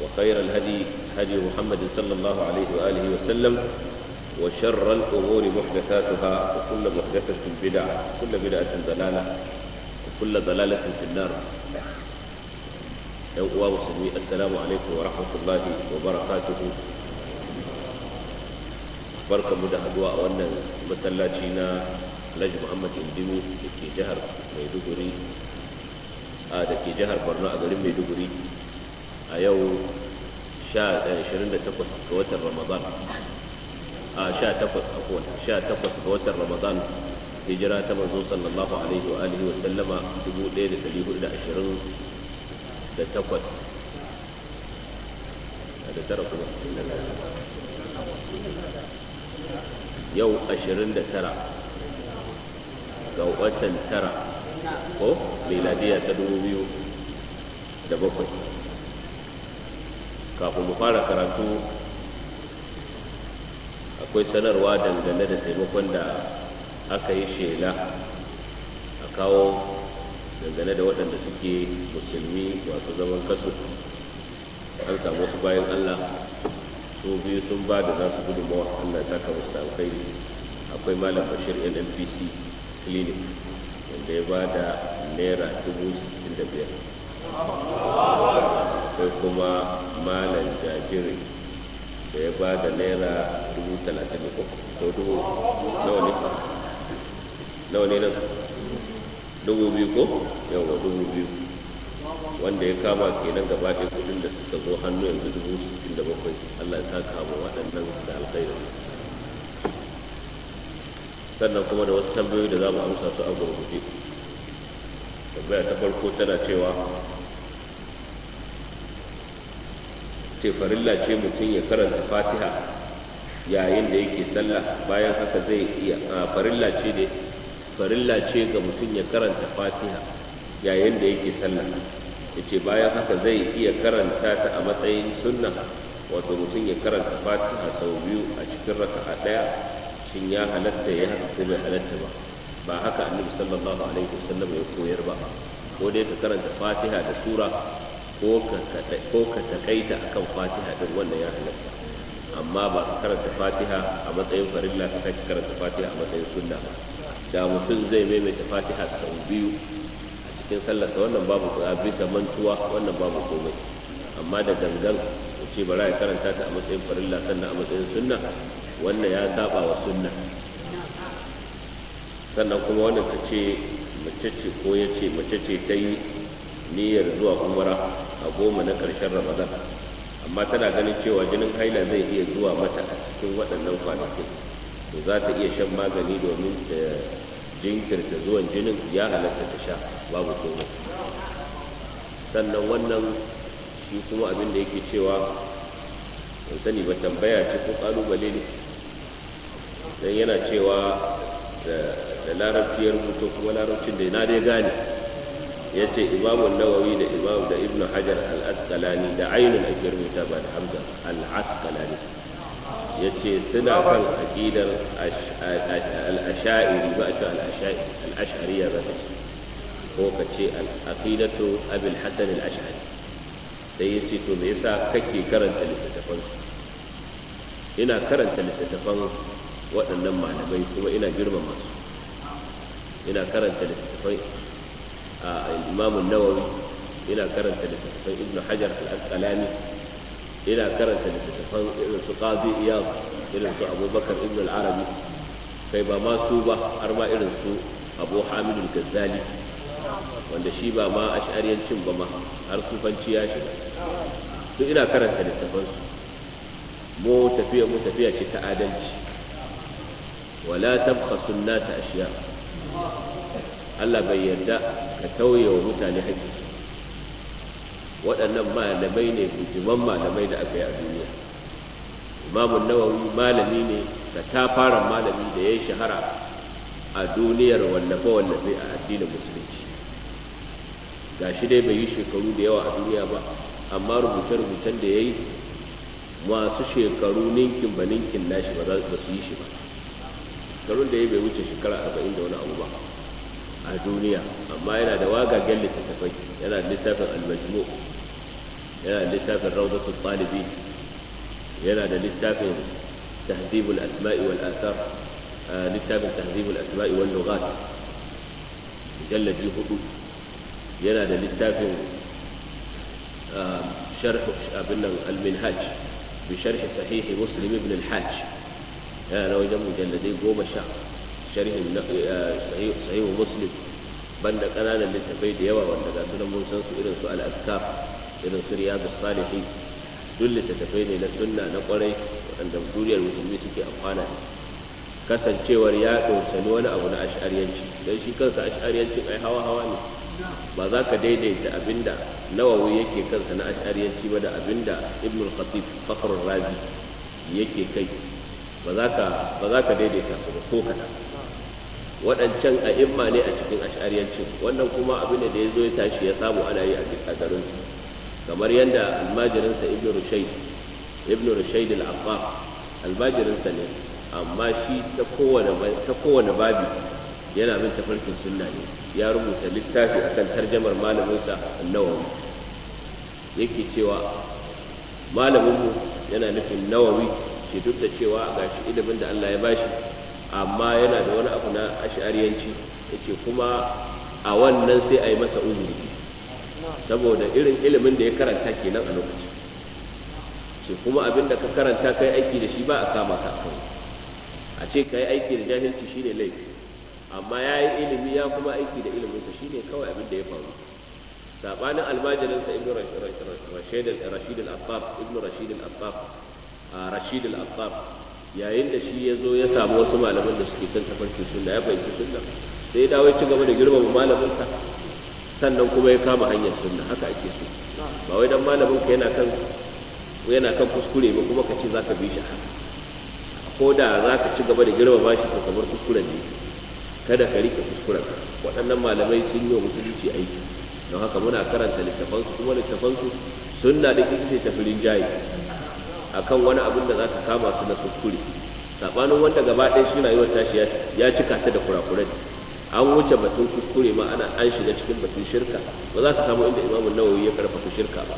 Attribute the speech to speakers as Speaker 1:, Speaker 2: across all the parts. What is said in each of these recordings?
Speaker 1: وخير الهدي هدي محمد صلى الله عليه وآله وسلم وشر الأمور محدثاتها وكل محدثة بدعة وكل بدعة ضلالة وكل ضلالة في النار يوم مسلمي السلام عليكم ورحمة الله وبركاته barkan mu da haduwa a wannan masallaci na Alhaji Muhammad Indimi da ke jihar Maiduguri a da ke jihar Borno a garin Maiduguri a yau 28 eh, ga watan ramadan a 18 akwai 18 ga watan ramadan hijira ta manzo sallallahu alaihi wa alihi wa sallama 1428 da tara kuma yau 29
Speaker 2: ga watan tara ko miladiya ta
Speaker 1: 2007 kafin mu fara karatu akwai sanarwa dangane da taimakon da aka yi shela a kawo dangane da waɗanda suke musulmi masu zaman kasu an samu wasu bayan allah su biyu sun ba da za su gudu mawa, allah ta kawo su akwai malam bashir nnpc clinic wanda ya ba da naira dubu da biyar akwai kuma malam jabiri da ya ba da naira dubu talatin ko dubu nawa ne nawa ne nan dubu biyu ko yawa dubu biyu wanda ya kama kenan gaba ɗaya kudin da suka zo hannu yanzu dubu sittin da bakwai allah ya saka mu waɗannan da alkhairu sannan kuma da wasu tambayoyi da za mu amsa su a gurguje tambaya ta farko tana cewa ce farilla ce mutum ya karanta fatiha yayin da yake sallah bayan haka zai iya farilla ce ne farilla ce ga mutum ya karanta fatiha yayin da yake sallah ya ce bayan haka zai iya karanta ta a matsayin sunna wato mutum ya karanta fatiha sau biyu a cikin raka'a ɗaya shin ya halatta ya haka ko bai halatta ba ba haka annabi sallallahu alaihi wasallam ya koyar ba ko dai ka karanta fatiha da sura ko ka takaita akan fatiha din wannan ya halatta amma ba ka karanta fatiha a matsayin farilla ka kai karanta fatiha a matsayin sunna da mutum zai maimaita fatiha sau biyu a cikin sallarsa wannan babu a bisa mantuwa wannan babu komai amma da gangan ku ce bara ya karanta ta a matsayin farilla sannan a matsayin sunna wannan ya saba wa sunna sannan kuma wannan ta ce mace ce ko ya ce mace ce ta yi niyyar zuwa umara a goma na ƙarshen ramadan amma tana ganin cewa jinin haila zai iya zuwa mata a cikin waɗannan kwanakin to za ta iya shan magani domin ta jinkirta zuwan jinin ya halatta ta sha babu komai sannan wannan shi kuma abin da yake cewa ban sani ba tambaya ce ko kalubale ne don yana cewa da larabciyar mutu kuma larabcin da na dai gane yace ce imamun nawawi da imam da ibnu hajar al-asqalani da ainun ake rubuta ba da hamza al-asqalani ya suna kan aƙidar al-asha'iri ba a ce al-ash'ariya ba ta ko kace ce al-aqidatu abul hasan al-ash'ari sai yace to me yasa kake karanta littattafan ina karanta littattafan waɗannan malamai kuma ina girmama su ina karanta littattafai imamun nawawi ina karanta littattafan ibnu hajar al-asqalani ina karanta littattafan irin su qadi iyad irin su abubakar ibn al kai ba ma su ba har ma irin su abu wanda shi ba ma ash'ariyancin ba ma har kufanci ya shiga to ina karanta littattafan mu tafiya mu tafiya ce ta adalci wala tabkhasu an a ashiya
Speaker 2: Allah bai yarda ka tauye
Speaker 1: wa mutane haƙƙi waɗannan malamai ne bujiman malamai da aka yi a duniya imamun nawawi malami ne da ta fara malami da ya shahara a duniyar wallafe wallafe a addinin musulunci ga shi dai bai yi shekaru da yawa a duniya ba amma rubuce-rubucen da ya yi masu shekaru ninkin ba ninkin nashi ba za su yi shi ba shekarun da ya bai wuce shekara arba'in da wani abu ba a duniya amma yana da wagagen littattafai yana da littafin almajmu yana da littafin rawdatul talibi yana da littafin tahdhibul asma'i wal athar littafin tahdhibul asma'i wal lughat mujalladi hudu yana da littafin sharh abin nan al-minhaj bi sharh sahih muslim ibn al-hajj yana da wajen mujalladai goma sha sharhin eh, sahihu muslim banda kananan littafai da yawa wanda ga sunan mun san su irin su al-azkar irin su riyadu salihin duk littattafai ne na sunna na kwarai waɗanda duniyar musulmi suke amfana da kasancewar ya ɗautani wani abu na ash'ariyanci don shi kansa ash'ariyancin ai hawa hawa ne ba za ka daidaita abinda nawawi yake kansa na ash'ariyanci ba da abinda ibnul khatib fakhrul razi yake kai ba za ka daidaita su ba ko kaɗan waɗancan a imma ne a cikin ashariyancin wannan kuma abin da ya zo ya tashi ya samu ana yi a garin kamar yadda almajirinsa ibn rushaid ibn rushaid al-abba almajirinsa ne amma shi ta kowane babi yana bin tafarkin sunna ne ya rubuta littafi akan tarjamar malaminsa annawawi yake cewa malaminmu yana nufin nawawi ke duk da cewa gashi ilimin da Allah ya bashi amma yana da wani abu na ashariyanci yake kuma a wannan sai a yi masa uzuri saboda irin ilimin da ya karanta kenan a lokaci ce kuma abin da ka karanta kai aiki da shi ba a kama ka a ce ka yi aiki da jahilci shine laifi amma ya yi ilimi ya kuma aiki da iliminsa shine kawai abin da ya faru sabanin almajirinsa ibn rashid al-affaf ibn rashid al-affaf rashid al yayin da shi ya zo ya samu wasu malaman da suke kan tafarki sun, da ya fahimci da sai dawo ya ci gaba da girmama malaminsa sannan kuma ya kama hanyar sunna haka ake so ba wai dan malamin ka yana kan yana kan kuskure ba kuma ka ce zaka bi shi haka ko da za ka ci gaba da girmama shi to kamar kuskuren ne kada ka rike kuskuren waɗannan malamai sun yi wa musulunci aiki don haka muna karanta littafansu kuma littafansu sunna da ita ce tafirin jayi akan wani abin da zaka kama su na kuskure sabanin wanda gaba ɗaya shi rayuwar tashi ya cika ta da kurakuran an wuce batun kuskure ma ana an shiga cikin batun shirka ba za ka samu inda imamun nawawi ya karfafa shirka ba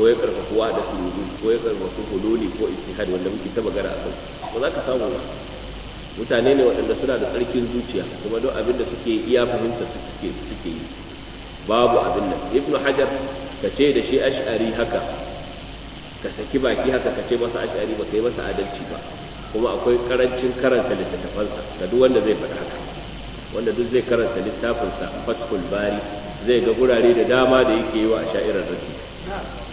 Speaker 1: ko ya karfafa wa da sululu ko ya karfafa hululi ko ijtihad wanda muke ta magana a kai ba za ka samu ba mutane ne waɗanda suna da tsarkin zuciya kuma don abin da suke iya fahimta suke yi babu abin nan ibnu hajar ka ce da shi ash'ari haka ka saki baki haka ka ce masa ash'ari ba ka kai masa adalci ba kuma akwai karancin karanta littattafansa ga duk wanda zai faɗa haka wanda duk zai karanta littafinsa fatkul bari zai ga gurare da dama da yake yi wa a sha'irar rashi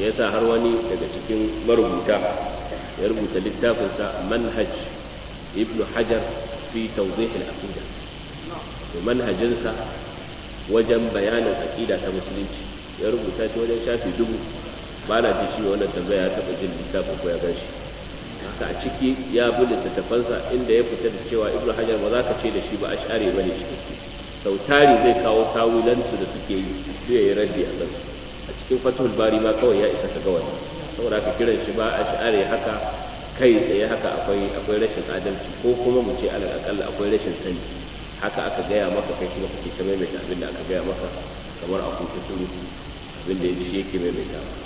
Speaker 1: ya sa har wani daga cikin marubuta ya rubuta littafinsa manhaj ibn hajar fi tauzihin aqida to manhajinsa wajen bayanin aqida ta musulunci ya rubuta shi wajen shafi dubu ba na ji shi wannan tambaya ya taɓa jin littafin ko ya gan shi haka a ciki ya bi littattafansa inda ya fita da cewa ibnu hajar ba za ka ce da shi ba a share ba ne shi sau tari zai kawo tawilansu da suke yi su ya yi raddi a a cikin fatul bari ma kawai ya isa ka ga wani saboda ka kiran shi ba a share haka kai tsaye haka akwai akwai rashin adalci ko kuma mu ce alal akalla akwai rashin sani haka aka gaya maka kai kuma kake ta maimaita abin aka gaya maka kamar a kuka abin da ya yake maimaita maka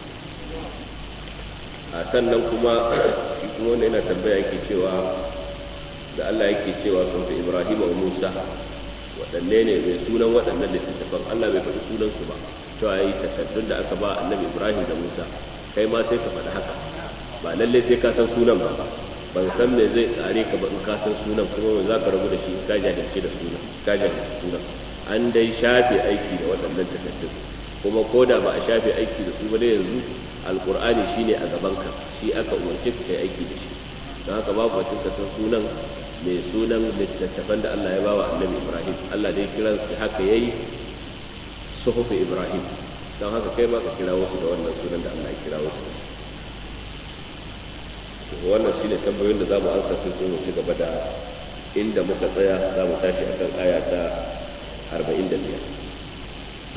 Speaker 1: a sannan kuma shi kuma wanda yana tambaya yake cewa da Allah yake cewa sun fi Ibrahim wa Musa waɗanne ne mai sunan waɗannan littattafan Allah bai faɗi sunan su ba to yi takaddun da aka ba Annabi Ibrahim da Musa kai ma sai ka faɗi haka ba lalle sai ka san sunan ba ban san me zai tsare ka ba in ka san sunan kuma za ka rabu da shi ka jahilce da sunan ka jahilce sunan an dai shafe aiki da waɗannan takaddun kuma ko da ba a shafe aiki da su ba dai yanzu alkur'ani ne a gabanka shi aka umarci ka kai aiki da shi don haka babu ku cinka san sunan mai sunan littattafan da Allah ya bawa annabi Ibrahim Allah dai kiran shi haka yayi suhufi Ibrahim don haka kai ma ka kira wasu da wannan sunan da Allah ya wasu da wannan shi ne tambayoyin da za mu ansa sun mu ci gaba da inda muka tsaya za mu tashi akan aya ta 45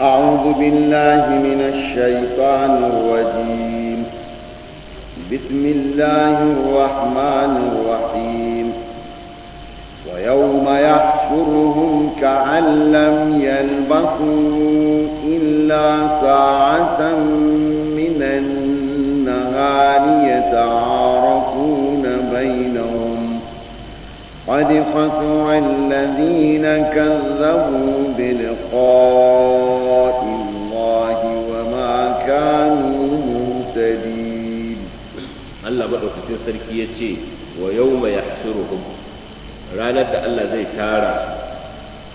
Speaker 3: أعوذ بالله من الشيطان الرجيم بسم الله الرحمن الرحيم ويوم يحشرهم كأن لم يلبثوا إلا ساعة من النهار يتعاون قد خسوا الذين كذبوا بلقاء الله وما كانوا مهتدين الله بدو كتير سركية
Speaker 1: ويوم يحشرهم رانا الله زي تارا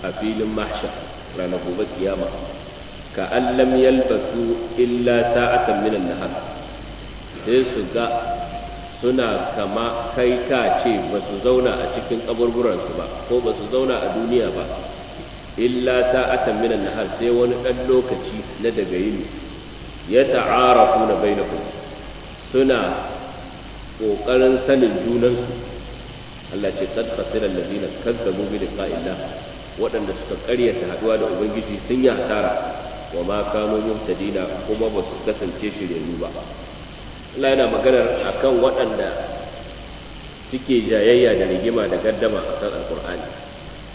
Speaker 1: أفيل محشر رانا يا ياما كأن لم يلبثوا إلا ساعة من النهار سيسو suna kama kai ka ce ba su zauna a cikin kaburburansu ba ko ba su zauna a duniya ba illa sa'atan minan nahar sai wani ɗan lokaci na daga yini ya ta'arafu na bainakum suna ƙoƙarin sanin junansu Allah ce kad fasira allazina kadzabu bi liqa'illah waɗanda suka ƙaryata haɗuwa da ubangiji sun yi hasara wa ma kanu muhtadina kuma ba su kasance shiryayyu ba Allah yana maganar akan waɗanda suke jayayya da rigima da gaddama akan alkur'ani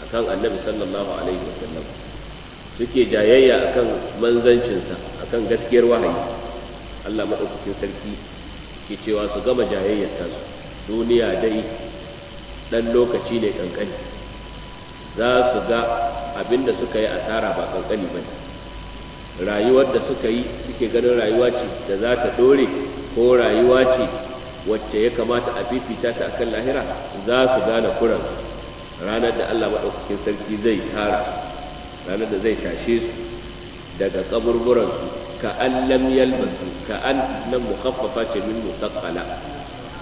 Speaker 1: akan annabi sallallahu alaihi wasallam suke jayayya akan manzancinsa akan gaskiyar wahayi Allah maɗaukakin sarki ke cewa su gama jayayyar su. duniya dai ɗan lokaci ne kankani za su ga abin da suka yi asara ba kankani ba rayuwar da suka yi suke ganin rayuwa ce da za ta dore ko rayuwa ce wacce ya kamata a fifita ta akan lahira za su gane kuran ranar da Allah maɗaukakin sarki zai tara ranar da zai tashe su daga kaburburansu ka an lam yalbasu ka an nan mukaffafa ce min mutaqqala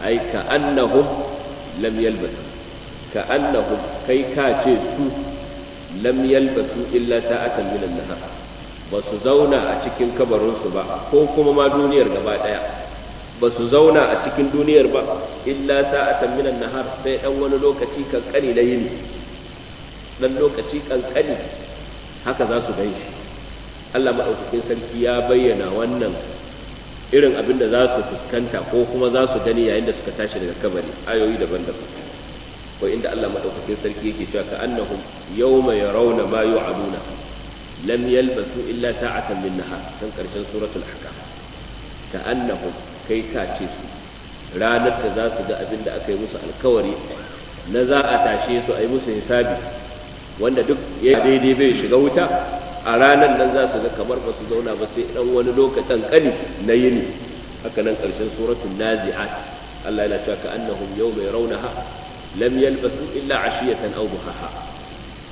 Speaker 1: ai ka annahum lam yalbasu ka annahum kai ka ce su lam yalbasu illa sa'atan min an-nahar ba su zauna a cikin kabarinsu ba ko kuma ma duniyar gaba daya ba su zauna a cikin duniyar ba illa sa'atan minan nahar sai dan wani lokaci kankani na yini dan lokaci kankani haka za su gan shi Allah maɗaukakin sarki ya bayyana wannan irin abin da za su fuskanta ko kuma za su gani yayin da suka tashi daga kabari ayoyi daban-daban ko inda Allah maɗaukakin sarki yake cewa ka annahum yawma yarawna ma yu'aduna lam yalbasu illa sa'atan min nahar kan karshen suratul ahqaf ka annahum kai kace su ranar da za su ga abin da aka yi musu alkawari na za a tashe su a yi musu hisabi wanda duk ya daidai bai shiga wuta a ranar nan za su ga kamar ba su zauna ba sai dan wani lokacin kani na yini haka nan karshen suratul nazi'at Allah yana cewa ka annahum yawma yarawnaha lam yalbasu illa ashiyatan aw duhaha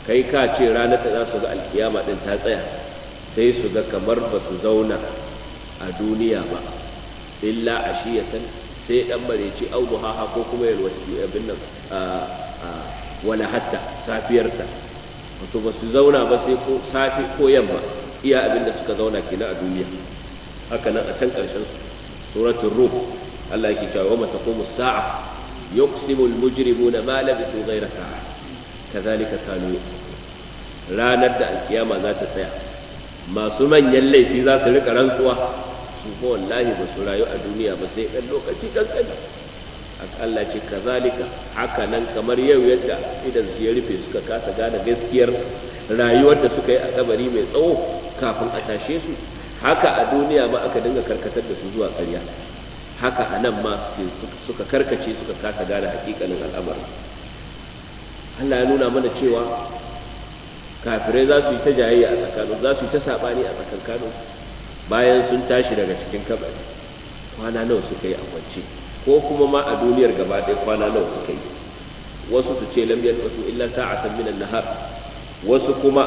Speaker 1: kai ka ce ranar da za su ga alkiyama din ta tsaya sai su ga kamar ba su zauna a duniya ba illa ashiyatan sai dan Audu au ha ko kuma yalwaci abin nan wala hatta safiyarta wato ba su zauna ba sai ko safi ko yamma iya abin da suka zauna kenan a duniya haka nan a can karshen suratul ruh Allah yake cewa wa taqumu sa'a yuqsimu al-mujrimuna ma labithu ghayra sa'a kadhalika kanu ranar da alkiyama za ta tsaya masu manyan laifi za su rika rantsuwa su ba wallahi ba su rayu a duniya ba sai ɗan lokaci kankani Allah ce kazalika haka nan kamar yau yadda idan su ya rufe suka kasa gane gaskiyar rayuwar da suka yi a kabari mai tsawo kafin a tashe su haka a duniya ma aka dinga karkatar da su zuwa ƙarya haka a nan ma suka karkace suka kasa gane hakikalin al'amarin Allah ya nuna mana cewa kafirai za su yi ta jayayya a tsakanin za su yi ta saɓani a tsakankanin bayan sun tashi daga cikin kabari kwana nawa suka yi a kwance ko kuma ma a duniyar gaba ɗaya kwana nawa suka yi wasu su ce lam yalbasu illa sa'atan min an-nahar wasu kuma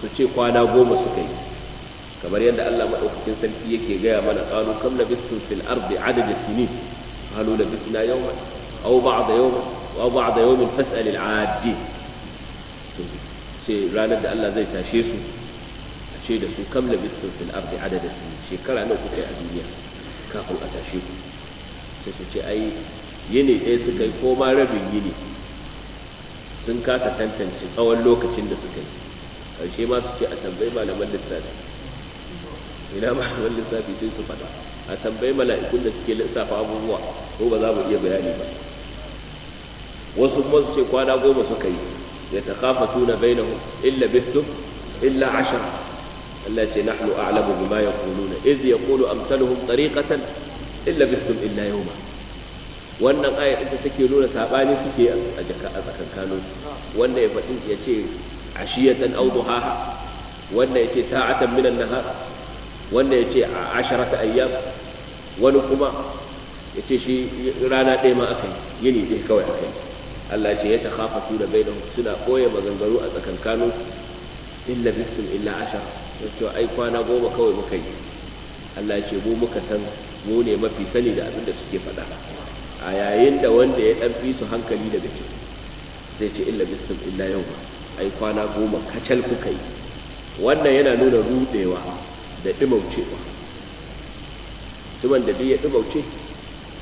Speaker 1: su ce kwana goma suka yi kamar yadda Allah madaukakin sarki yake gaya mana qalu kam labistum fil ardi adad sinin qalu labisna yawman aw ba'da yawman aw ba'da yawmin fas'al al-'addi sai ranar da Allah zai tashe su ce da su kam labistum fil ardi adada su shekara nawa kuka yi a duniya kafin a tashe ku sai su ce ai yini ɗaya suka yi ko ma rabin yini sun kasa tantance tsawon lokacin da suka yi karshe ma su ce a tambayi malaman lissafi ina malaman lissafi sai su faɗa a tambayi mala'ikun da suke lissafa abubuwa ko ba za mu iya bayani ba wasu kuma su ce kwana goma suka yi ya kafa tuna bainahum illa bistum illa ashara Allah ce nahnu a'lamu bima yaquluna iz yaqulu amsaluhum tariqatan illa bistum illa yawma wannan aya ita take nuna sabani suke a jaka a tsakankanin wanda ya faɗi ya ce ashiyatan aw duhaha wanda ya ce sa'atan min an-nahar wanda ya ce asharata ayyam wani kuma yace shi rana ɗaya ma aka yini ɗaya kawai aka yi Allah ce ya takhafa su da bainahu suna ɓoye maganganu a tsakankanin illa bistum illa ashara to ai kwana goma kawai muka yi Allah ce mu muka san mu ne mafi sani da abin da suke faɗa a yayin da wanda ya ɗan fi su hankali daga ciki zai ce illa bistum illa yau ai kwana goma kacal kuka yi wannan yana nuna rudewa da dimaucewa mutumin da duk ya dimauce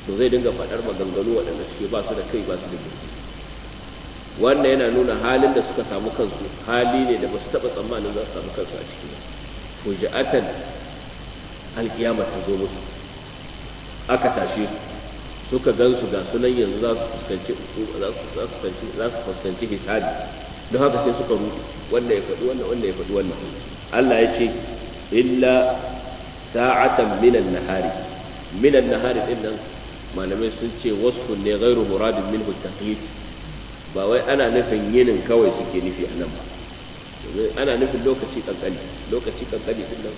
Speaker 1: to zai dinga faɗar maganganu waɗanda suke ba su da kai ba su da gindi wannan yana nuna halin da suka samu kansu hali ne da ba su taɓa tsammanin za su samu kansu a cikin ba fuji'atan alkiyama ta zo musu aka tashe su suka gansu ga sunan yanzu za su fuskanci za su fuskanci hisabi don haka sai suka rufe wanda ya faɗi wannan wanda ya faɗi wannan Allah ya ce illa sa'atan minan nahari minan nahari din nan malamai sun ce wasfun ne ghairu muradin minhu taklif ba wai ana nufin yinin kawai suke nufi a nan ba domin ana nufin lokaci kankani lokaci kankani din nan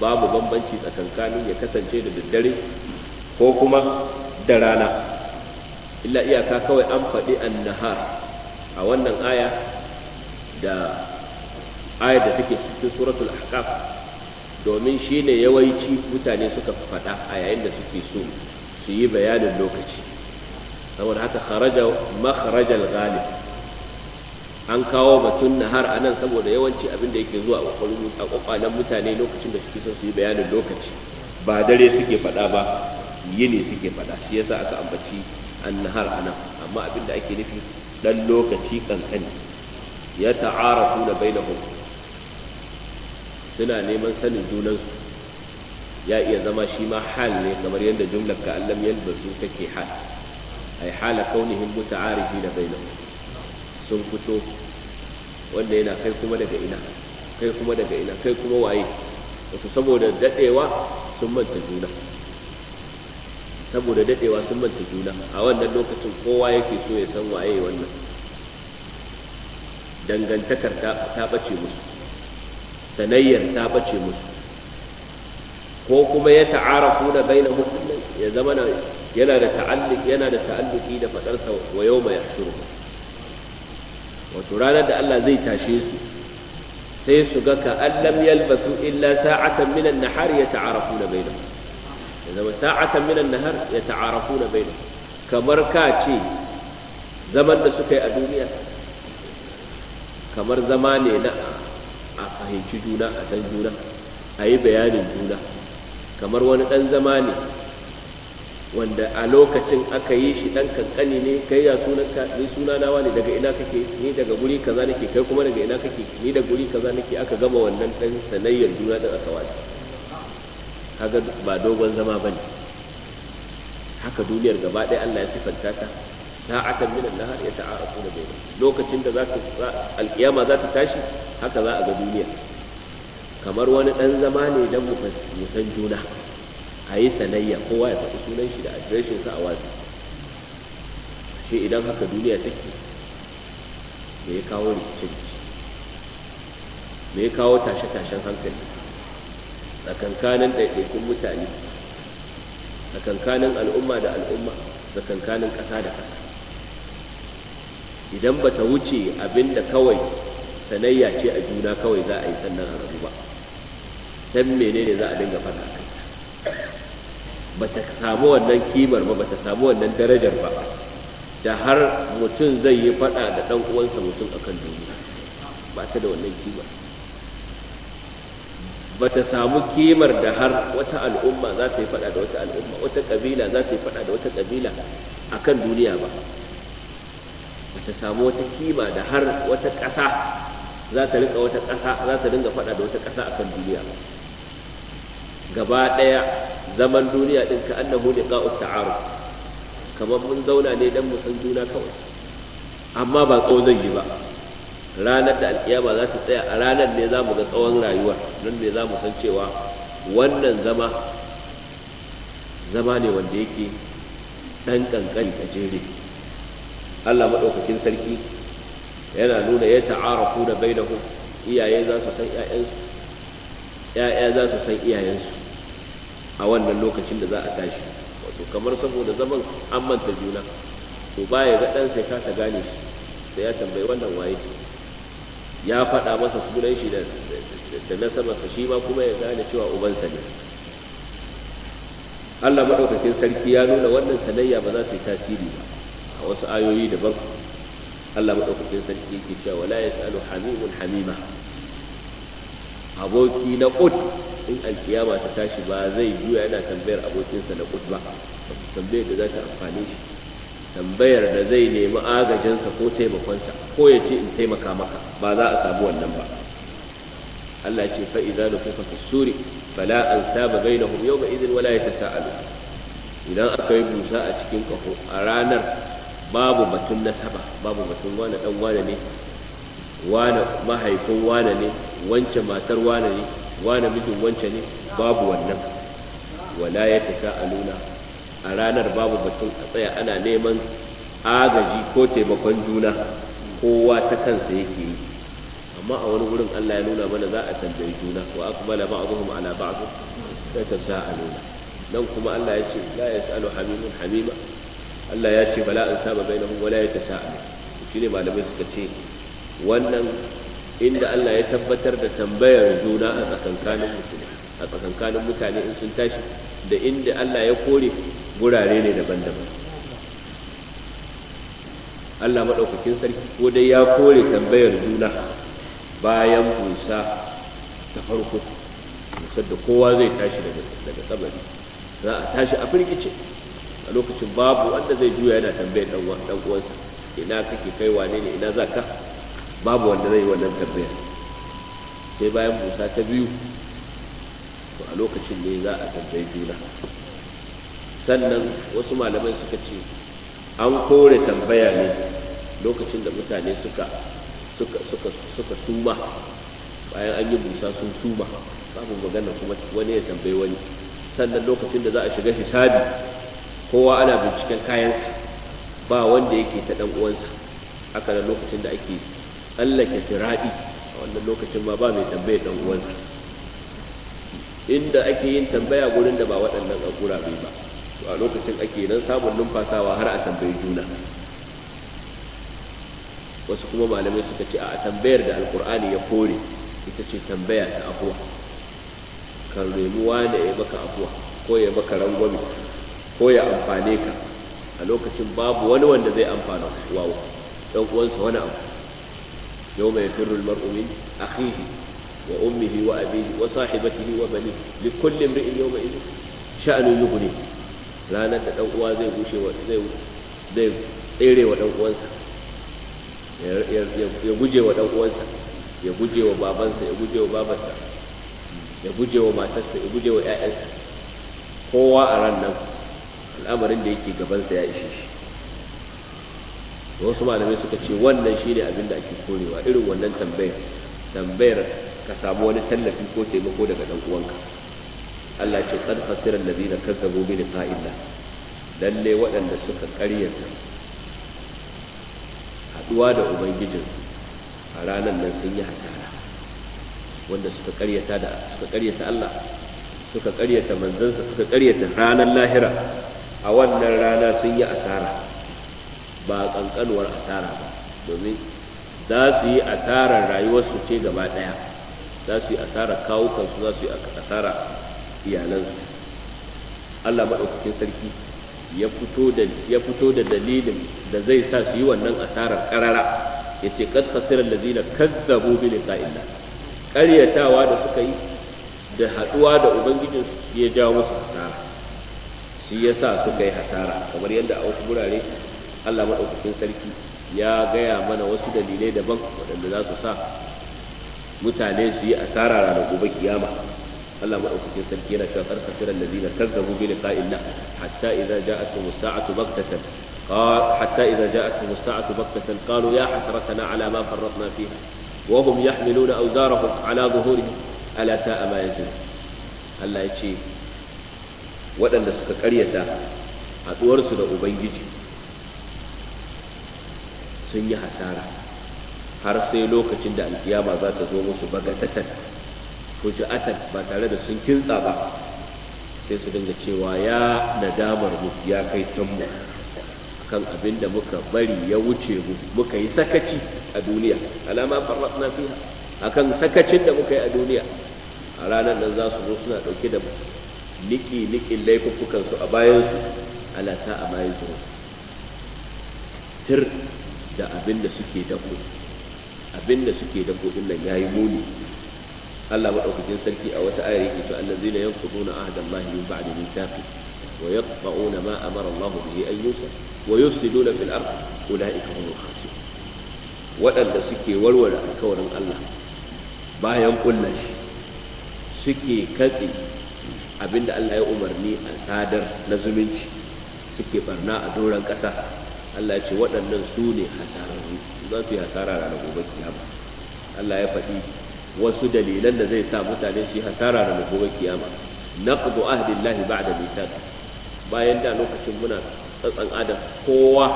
Speaker 1: babu bambanci tsakankanin ya kasance da daddare ko kuma da rana illa iyaka kawai an faɗi nahar a wannan aya da aya da take cikin suratul ahqaf domin shine yawanci mutane suka faɗa a yayin da suke so su yi bayanin lokaci saboda haka kharaja makharajal ghalib an kawo batun nahar a nan saboda yawanci abin da yake zuwa a kwakwalen mutane lokacin da suke son su yi bayanin lokaci ba dare suke faɗa ba yini suke faɗa shi yasa aka ambaci an nahar a nan amma abin da ake nufi ɗan lokaci kankani ya ta'arafu da bainahum suna neman sanin junansu ya iya zama shi ma hal ne kamar yadda jumlar ka allam yalbasu take hal ai hala kaunihim muta'arifina bainahum sun fito wanda yana kai kuma daga ina kai kuma daga ina kai kuma waye wato saboda dadewa sun manta juna saboda dadewa sun manta juna a wannan lokacin kowa yake so ya san waye wannan dangantakar ta bace musu sanayyar ta bace musu ko kuma ya ta'arafu da baina mutum ya zama yana da ta'alluki yana da ta'alluki da fadarsa wa mai yahshuruhum wato ranar da Allah zai tashe su sai su ga ka allam yalbasu illa sa'atan min an-nahar yata'arafuna bainahum zama sa'atan min an-nahar yata'arafuna bainahum kamar ka ce
Speaker 2: zaman da suka yi a
Speaker 1: duniya kamar zama ne na a fahimci juna a san juna a yi bayanin juna kamar wani ɗan zama ne wanda a lokacin aka yi shi dan kankani ne kai ya sunan ka ni suna nawa ne daga ina kake ni daga guri kaza nake kai kuma daga ina kake ni daga guri kaza nake aka gama wannan dan sanayyar juna din aka wata haka ba dogon zama bane haka duniyar gaba ɗaya Allah ya sifanta ta sa'atan min an-nahar yata'arafuna bayna lokacin da zaka alkiyama za ta tashi haka za a ga duniya kamar wani dan zama ne dan mu san juna a yi sanayya kowa ya faɗi sunan shi da adireshinsa a watsi shi idan haka duniya take me ya kawo rikice-rikice me ya kawo tashe-tashen hankali tsakankanin ɗaiɗaikun mutane tsakankanin al'umma da al'umma tsakankanin ƙasa da ƙasa idan ba ta wuce abin da kawai sanayya ce a juna kawai za a yi sannan a rabu ba san menene za a dinga faɗa ba ta samu wannan kimar ba ba ta samu wannan darajar ba da har mutum zai yi faɗa da ɗan uwansa mutum akan duniya ba ta da wannan kimar ba ta samu kimar da har wata al'umma za ta yi faɗa da wata al'umma wata ƙabila za ta yi faɗa da wata ƙabila akan duniya ba ba ta samu wata kima da har wata ƙasa za ta rika wata ƙasa za ta dinga faɗa da wata ƙasa akan duniya ba gaba ɗaya zaman duniya ɗin ka annahu liqa'u ta'aruf kamar mun zauna ne dan mu juna kawai amma ba tsawon zan yi ba ranar da alkiyama za ta tsaya a ranar ne za mu ga tsawon rayuwa nan ne za mu san cewa wannan zama zama ne wanda yake ɗan ƙanƙan a jere Allah maɗaukakin sarki yana nuna ya ta'arafu da bainahu iyaye za su san 'ya'yansu 'ya'ya za su san iyayensu a wannan lokacin da za a tashi wato kamar saboda zaman an manta juna to ba ya ga ɗansa ya kasa gane shi sai ya tambayi wannan waye ya faɗa masa sunan shi da nasabarsa shi ma kuma ya gane cewa ubansa ne Allah maɗaukakin sarki ya nuna wannan sanayya ba za ta yi tasiri ba a wasu ayoyi daban Allah maɗaukakin sarki yake cewa wala yas'alu hamimun hamima aboki na ƙut in alkiyama ta tashi ba zai juya yana tambayar abokinsa na qut ba tambayar da za ta amfane shi tambayar da zai nemi agajinsa ko taimakonsa ko ya ce in taimaka maka ba za a samu wannan ba Allah ce fa idza nufifa fi suri fala ansaba bainahum yawma idhin wala yatasaalu idan aka yi busa a cikin kaho a ranar babu batun nasaba babu batun wani dan wani ne wane mahaifin wane ne wance matar wane ne wane mijin wance ne babu wannan wala ya ta sa'aluna a ranar babu batun a tsaya ana neman agaji ko taimakon juna kowa ta kansa yake yi amma a wani wurin Allah ya nuna mana za a tambayi juna wa a ba'dhum ala a sai ta sa'aluna nan kuma Allah ya ce la yasalu hamimun hamima Allah ya ce bala an saba bai bainahum wala yatasaalu ne malamai suka ce wannan inda Allah ya tabbatar da tambayar juna a tsakankanin mutane a tsakankanin mutane in sun tashi da inda Allah ya kore gurare ne daban-daban Allah maɗaukakin sarki ko dai ya kore tambayar juna bayan busa ta farko busar da kowa zai tashi daga kabari za a tashi a firgice a lokacin babu wanda zai juya yana tambayar ɗan uwansa ina kake kai wane ne ina za ka babu wanda zai yi wannan tarbiyya sai bayan busa ta biyu to a lokacin ne za a tambayi juna sannan wasu malamai suka ce an kore tambaya ne lokacin da mutane suka suka suka suka suma bayan an yi busa sun suma babu magana kuma wani ya tambayi wani sannan lokacin da za a shiga hisabi kowa ana binciken kayansa ba wanda yake ta dan uwansa haka da lokacin da ake tsallake firaɗi a wannan lokacin ma ba mai tambaye dan uwansa inda ake yin tambaya gurin da ba waɗannan a bai ba to a lokacin ake nan samun numfasawa har a tambayi juna wasu kuma malamai suka ce a tambayar da alkur'ani ya kore ita ce tambaya ta afuwa kan remu wane ya maka afuwa ko ya maka rangwame ko ya amfane ka a lokacin babu wani wanda zai amfana wawa Ɗan uwansa wani abu يوم يفر المرء من أخيه وأمه وأبيه وصاحبته وبنيه لكل امرئ يومئذ شأن يغنيه ranar da ɗan uwa zai bushe zai tsere wa ɗan uwansa ya guje wa ɗan uwansa ya guje wa babansa ya guje wa ya guje matarsa ya a ran nan al'amarin da yake gabansa ya ishe shi wasu malamai suka ce wannan shi ne abin da ake korewa irin wannan tambayar tambayar ka samu wani tallafi ko taimako daga ɗan uwanka Allah ce kan kad khasira allazina kazzabu bi liqa'illah lalle waɗanda suka ƙaryata haɗuwa da ubangijin a ranar nan sun yi hasara wanda suka ƙaryata da suka ƙaryata Allah suka ƙaryata manzansa suka ƙaryata ranar lahira a wannan rana sun yi asara ba kankanuwar asara ba domin za su yi asarar rayuwarsu ce gaba ɗaya za su yi asarar kansu za su yi asarar iyalansu allah maɗaukakin sarki ya fito da dalilin da zai sa su yi wannan asarar ƙarara ya ce kad khasirar lazina kazzabu bi liqa'illah ƙaryatawa da suka yi da haɗuwa da ubangijin ya jawo musu hasara shi yasa suka yi hasara kamar yadda a wasu gurare Allah maɗaukakin sarki ya gaya mana wasu dalilai daban waɗanda za su sa mutane su yi asara ranar gobe kiyama Allah maɗaukakin sarki yana cewa karka firan da zina kazzabu bi liqa'illah hatta idza ja'atuhum as-sa'atu baghtatan حتى إذا جاءتهم الساعة بغتة قالوا يا حسرتنا على ما فرطنا فيها وهم يحملون أوزارهم على ظهورهم ala ساء ما يزنون Allah ya ce waɗanda suka ƙaryata haɗuwarsu da Ubangiji sun yi hasara har sai lokacin da alkiyama za ta zo musu bagatatan fuji'atan ba tare da sun kintsa ba sai su dinga cewa ya nadamar mu ya kai tunmu kan abin da muka bari ya wuce mu muka yi sakaci a duniya alama farratna fiha akan sakacin da muka yi a duniya a ranar nan za su zo suna ɗauke da niki nikin laifukan su a bayan su ala a bayan su tir da abin da suke dako abin da suke dako din nan yayi muni Allah madaukakin sarki a wata ayar yake to allazina yanquduna ahdallahi min ba'di mithaqi wa yaqta'una ma amara Allah bihi an yusal wa yufsiduna fil ard ulaika humul khasirun waɗanda suke warware alkawarin Allah bayan shi suke katse abinda Allah ya umarni a sadar na zumunci suke barna a doron ƙasa Allah ya ce waɗannan su ne hasararru za su yi hasara ranar gobe kiyama Allah ya faɗi wasu dalilan da zai sa mutane su yi hasara ranar gobe kiyama naqdu ahdillahi ba'da mithaq bayan da lokacin muna tsatsan adam kowa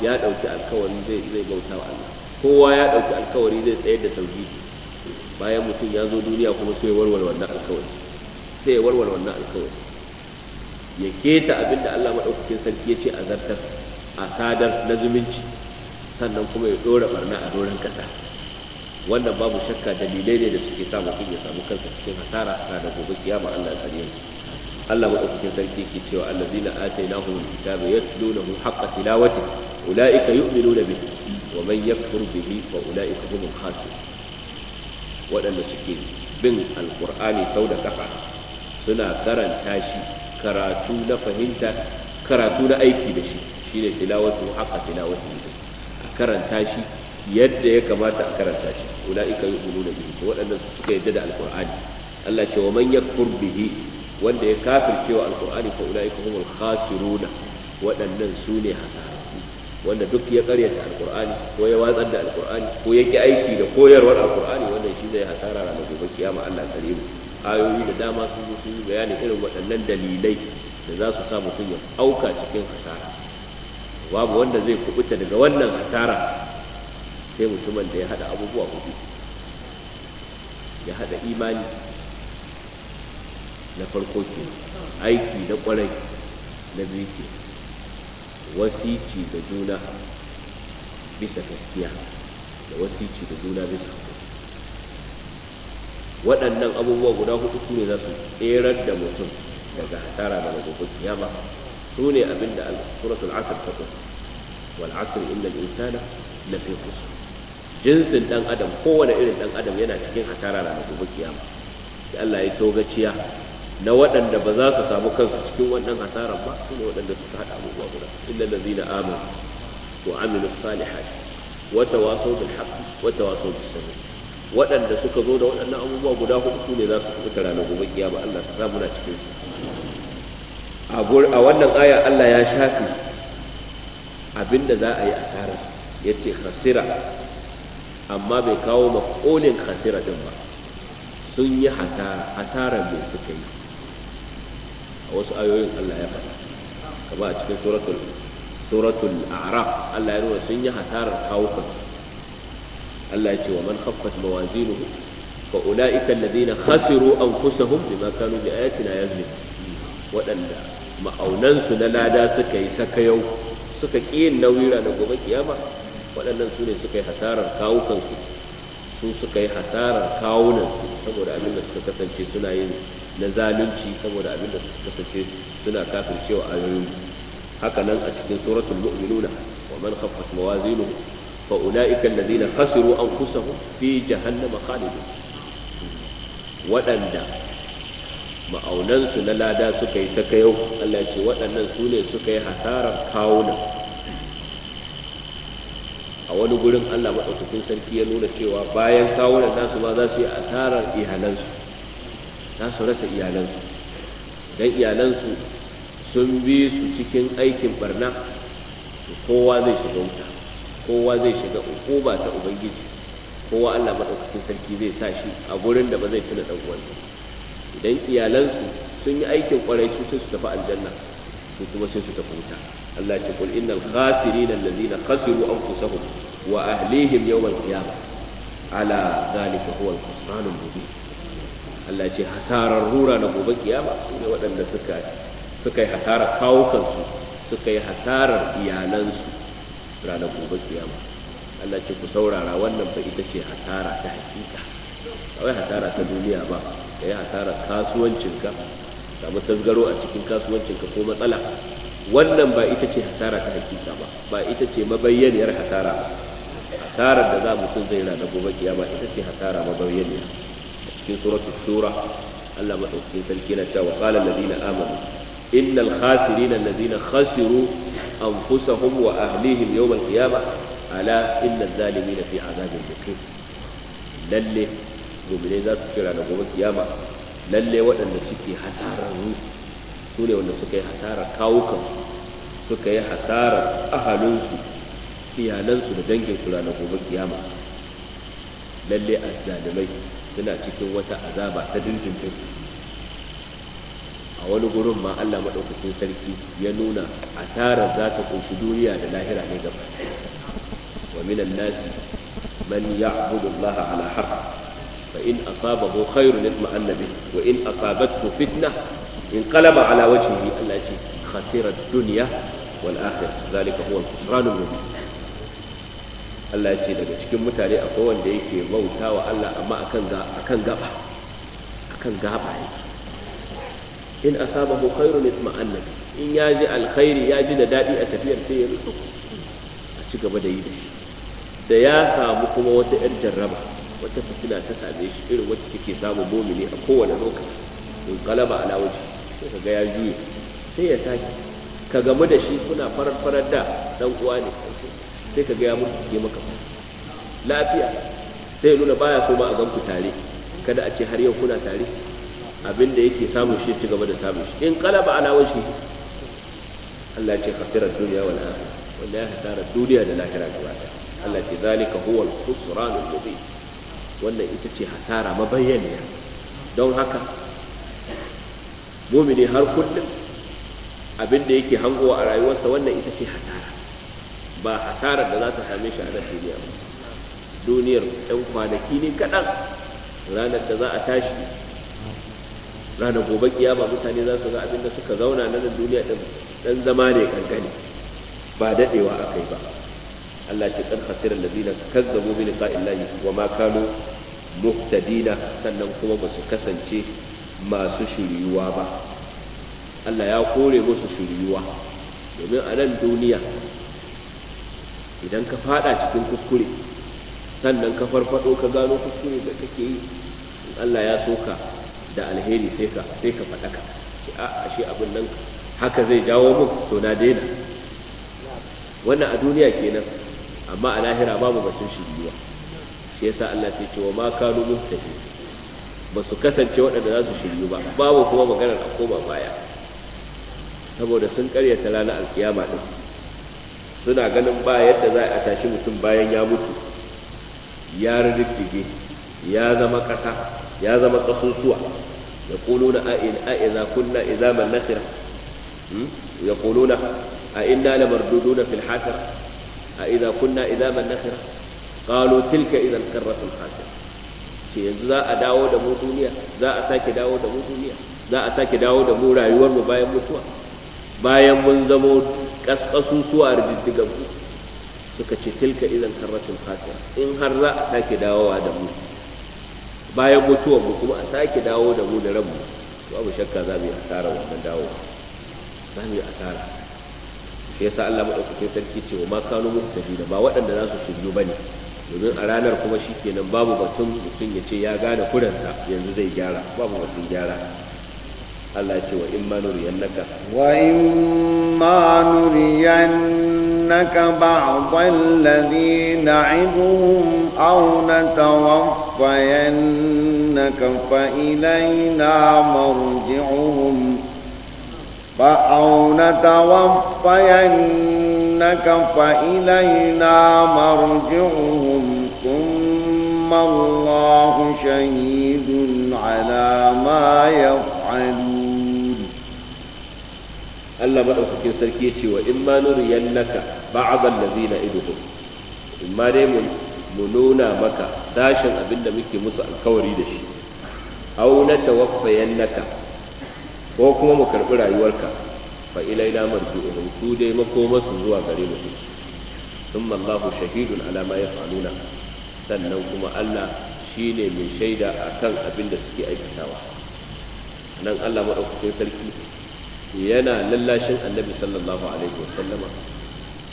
Speaker 1: ya ɗauki alkawari zai zai bauta wa Allah kowa ya ɗauki alkawari zai tsayar da tauhidi bayan mutum ya zo duniya kuma sai warware wannan alkawari sai ya warware wannan alkawari ya keta abinda Allah madaukakin sarki ya ce a zartar a sadar na zumunci sannan kuma ya ɗora barna a doron ƙasa wannan babu shakka dalilai ne da suke sa mutum ya samu kansa cikin hasara na da gobe kiyama Allah ya Allah madaukakin sarki ke cewa allazina atainahum alkitaba yatlunahu haqqa tilawati ulaika yu'minuna bihi wa man yakfur bihi fa ulaika humul khasirun waɗanda suke bin alqur'ani sau da kafa suna karanta shi karatu na fahimta karatu na aiki da shi shine tilawatu haqa tilawati a karanta shi yadda ya kamata a karanta shi ulaika yu'minuna bihi to waɗannan suka yadda da alqur'ani Allah ce wa man yakfur bihi wanda ya kafirce wa alqur'ani fa ulaika humul khasiruna waɗannan su ne hasararru wanda duk ya karyata alqur'ani ko ya watsar da alqur'ani ko ya ki aiki da koyarwar alqur'ani wannan shi zai hasara ranar gobe kiyama Allah kare mu ayoyi da dama sun zo sun yi bayanin irin waɗannan dalilai da za su sa mutum ya auka cikin hasara babu wanda zai kubuta daga wannan hasara sai mutumin da ya hada abubuwa hudu ya hada imani na farko ke aiki na kwarai na biyu ke wasici da juna bisa gaskiya da wasici da juna bisa waɗannan abubuwa guda hudu su ne za su tserar da mutum daga hasara daga gobe kiyama su ne abinda al-suratul asr ta wal asr inna al insana lafi khusr jinsin dan adam kowane irin dan adam yana cikin hasara ranar gobe kiyama sai Allah ya togaciya na waɗanda ba za su samu kansu cikin wannan hasaran ba su ne waɗanda suka haɗa abubuwa guda illa waɗanda suka zo da waɗannan abubuwa guda hudu su ne za su fita ranar gobe kiyama Allah ta samu na cikin a wannan aya Allah ya shafi abinda za a yi asara ya ce khasira amma bai kawo makolin khasira din ba sun yi hasara mai suka yi a wasu ayoyin Allah ya faɗa kama a cikin suratul suratul a'raf Allah ya nuna sun yi hasarar kawukan Allah ya ce wa man khaffat mawazinuhu fa ulaika alladhina khasiru anfusahum bima kanu bi ayatina yazlimun waɗanda ma'aunansu na lada suka yi sakayau suka ƙi yin nauyi da gobe kiyama waɗannan su ne suka yi hasarar kawukansu su suka yi hasarar kawunansu saboda abin da suka kasance suna yin na zalunci saboda abin da suka kasance suna kafircewa ayoyin haka nan a cikin suratul mu'minuna wa man khaffat mawazinuhu fa ulaika alladhina khasiru anfusahum fi jahannama khalidun waɗanda ma'aunansu na lada suka yi saka yau Allah ce waɗannan su ne suka yi hasarar kawunan a wani gurin Allah maɗaukakin sarki ya nuna cewa bayan kawunan nasu ma za su yi hasarar iyalansu za su rasa iyalansu don iyalansu sun bi su cikin aikin barna kowa zai shiga wuta kowa zai shiga ukuba ta ubangiji kowa Allah maɗaukakin sarki zai sa shi a gurin da ba zai tuna ɗan uwansa idan iyalansu sun yi aikin kwarai su sai su tafi aljanna su kuma sai su tafi wuta Allah ya ce kul innal khasirin allazina khasiru anfusahum wa ahlihim yawm al-qiyamah ala zalika huwa al-khusran al-mubin Allah ya ce hasarar rura na gobe kiyama su ne waɗanda suka suka yi hasarar kawukansu suka yi hasarar iyalansu ranar gobe kiyama Allah ce ku saurara wannan ba ita ce hasara ta hakika ba wai hasara ta duniya ba ka yi hasarar kasuwancinka samu tasgaro a cikin kasuwancinka ko matsala wannan ba ita ce hasara ta hakika ba ba ita ce mabayyaniyar hasara ba hasarar da za mutum zai rana gobe kiyama ita ce hasara mabayyaniya cikin suratul shura Allah madaukakin sarki na cewa qala alladhina amanu innal khasirina alladhina khasiru anfusahum wa ahlihim yawm alqiyamah ala inna adh-dhalimina fi 'adabin muqim lalle mu'minai za su kira da gobe kiyama lalle waɗanda suke hasararru su ne wanda suka yi hasarar kawukansu suka yi hasarar ahalinsu iyalansu da dangin danginsu ranar gobe kiyama lalle azzalimai suna cikin wata azaba ta dindindin a wani gurin ma Allah maɗaukakin sarki ya nuna asarar za ta ƙunshi duniya da lahira ne gaba wa minan nasi man ya'budu Allah ala haqq fa in asabahu khairun itma'anna bih wa in asabathu fitna in qalaba ala wajhihi Allah ce khasira ad zalika Allah ya ce daga cikin mutane akwai wanda yake bauta wa Allah amma akan gaba gaba yake in asabahu mu kairu bih in ya ji alkhairi ya ji da daɗi a tafiyar sai ya rutsu a ci gaba da yi da shi da ya samu kuma wata yar jarraba wata fitina ta same shi irin wacce take samun mumini a kowane lokaci in kalaba ala waje sai ka ga ya juye sai ya sake ka gamu da shi kuna farar farar da dan uwa ne sai ka ga ya mutu ke maka lafiya sai nuna baya so ma a ganku tare kada a ce har yau kuna tare Abinda da yake samun shi ci gaba da samun shi in kalaba ala waje Allah ce khasirar duniya wal akhirah wallahi hasarar duniya da lahira gaba ɗaya Allah ce zalika huwal khusranul mubin wannan ita ce hasara mabayyaniya don haka mumini har kullum abin da yake hangowa a rayuwarsa wannan ita ce hasara ba hasarar da za ta same shi a nan duniya ba duniyar ɗan kwanaki ne kaɗan ranar da za a tashi ranar gobe kiyama mutane za su ga abin da suka zauna na nan duniya ɗin ɗan zama ne kankani ba daɗewa a kai ba Allah ce kan hasirar lazina kazzabu bi liqa'illahi wa ma kanu muhtadina sannan kuma ba su kasance masu shiriyuwa ba Allah ya kore musu shiriyuwa domin a nan duniya idan ka fada cikin kuskure sannan ka farfado ka gano kuskure da kake yi in Allah ya soka da alheri sai ka sai ka a shi abin nan haka zai jawo mun to na daina wannan a duniya kenan amma a lahira babu batun shiriyuwa shi yasa Allah sai ce wa ma kanu muhtadi ba su kasance waɗanda za su shiryu ba babu kuma maganar a koma baya saboda sun karyata ranar alkiyama din suna ganin ba yadda za a tashi mutum bayan ya mutu ya rirrige ya zama ƙasa ya zama ƙasusuwa ya ƙulu na a'iza kunna iza man nasira ya ƙulu na a inna la marduduna fil hasar a iza kunna iza man nasira hmm? qalu tilka idan karratun khasir ce yanzu za a dawo da mu duniya za a sake dawo da mu duniya za a sake dawo da mu rayuwar mu bayan mutuwa bayan mun zamo kaskasusuwa rididdigaggu suka ce tilka idan karratun khasir in har za a sake dawo da mu bayan mutuwar mu kuma a sake dawo da mu da rabu to abu shakka za mu yi asara wannan dawo za mu yi asara shi sa Allah madaukakin sarki ce wa ma kanu muhtadi da ba waɗanda za su ba ne. domin a ranar kuma shi kenan babu batun mutum ya ce ya gane kuransa yanzu zai gyara babu batun gyara Allah ce wa in ma nuriyannaka
Speaker 3: wa in ma nuriyannaka ba'd alladhi na'iduhum aw natawaffayannaka fa ilayna marji'uhum فأو نتوفينك فإلينا مرجعهم amma Allahu shahidun ala ma yaf'alun
Speaker 1: Allah madaukakin sarki ce wa in ma nuriyannaka ba'd allazina iduhum in ma dai mu nuna maka sashen abinda muke musu alkawari da shi aw natawaffayannaka ko kuma mu karɓi rayuwarka fa ilaina marji'uhum su dai makomasu zuwa gare mu thumma Allahu shahidun ala ma yaf'aluna sannan kuma Allah shi ne mai shaida a kan abin da suke aikatawa nan Allah maɗaukakin sarki yana lallashin annabi sallallahu alaihi wasallama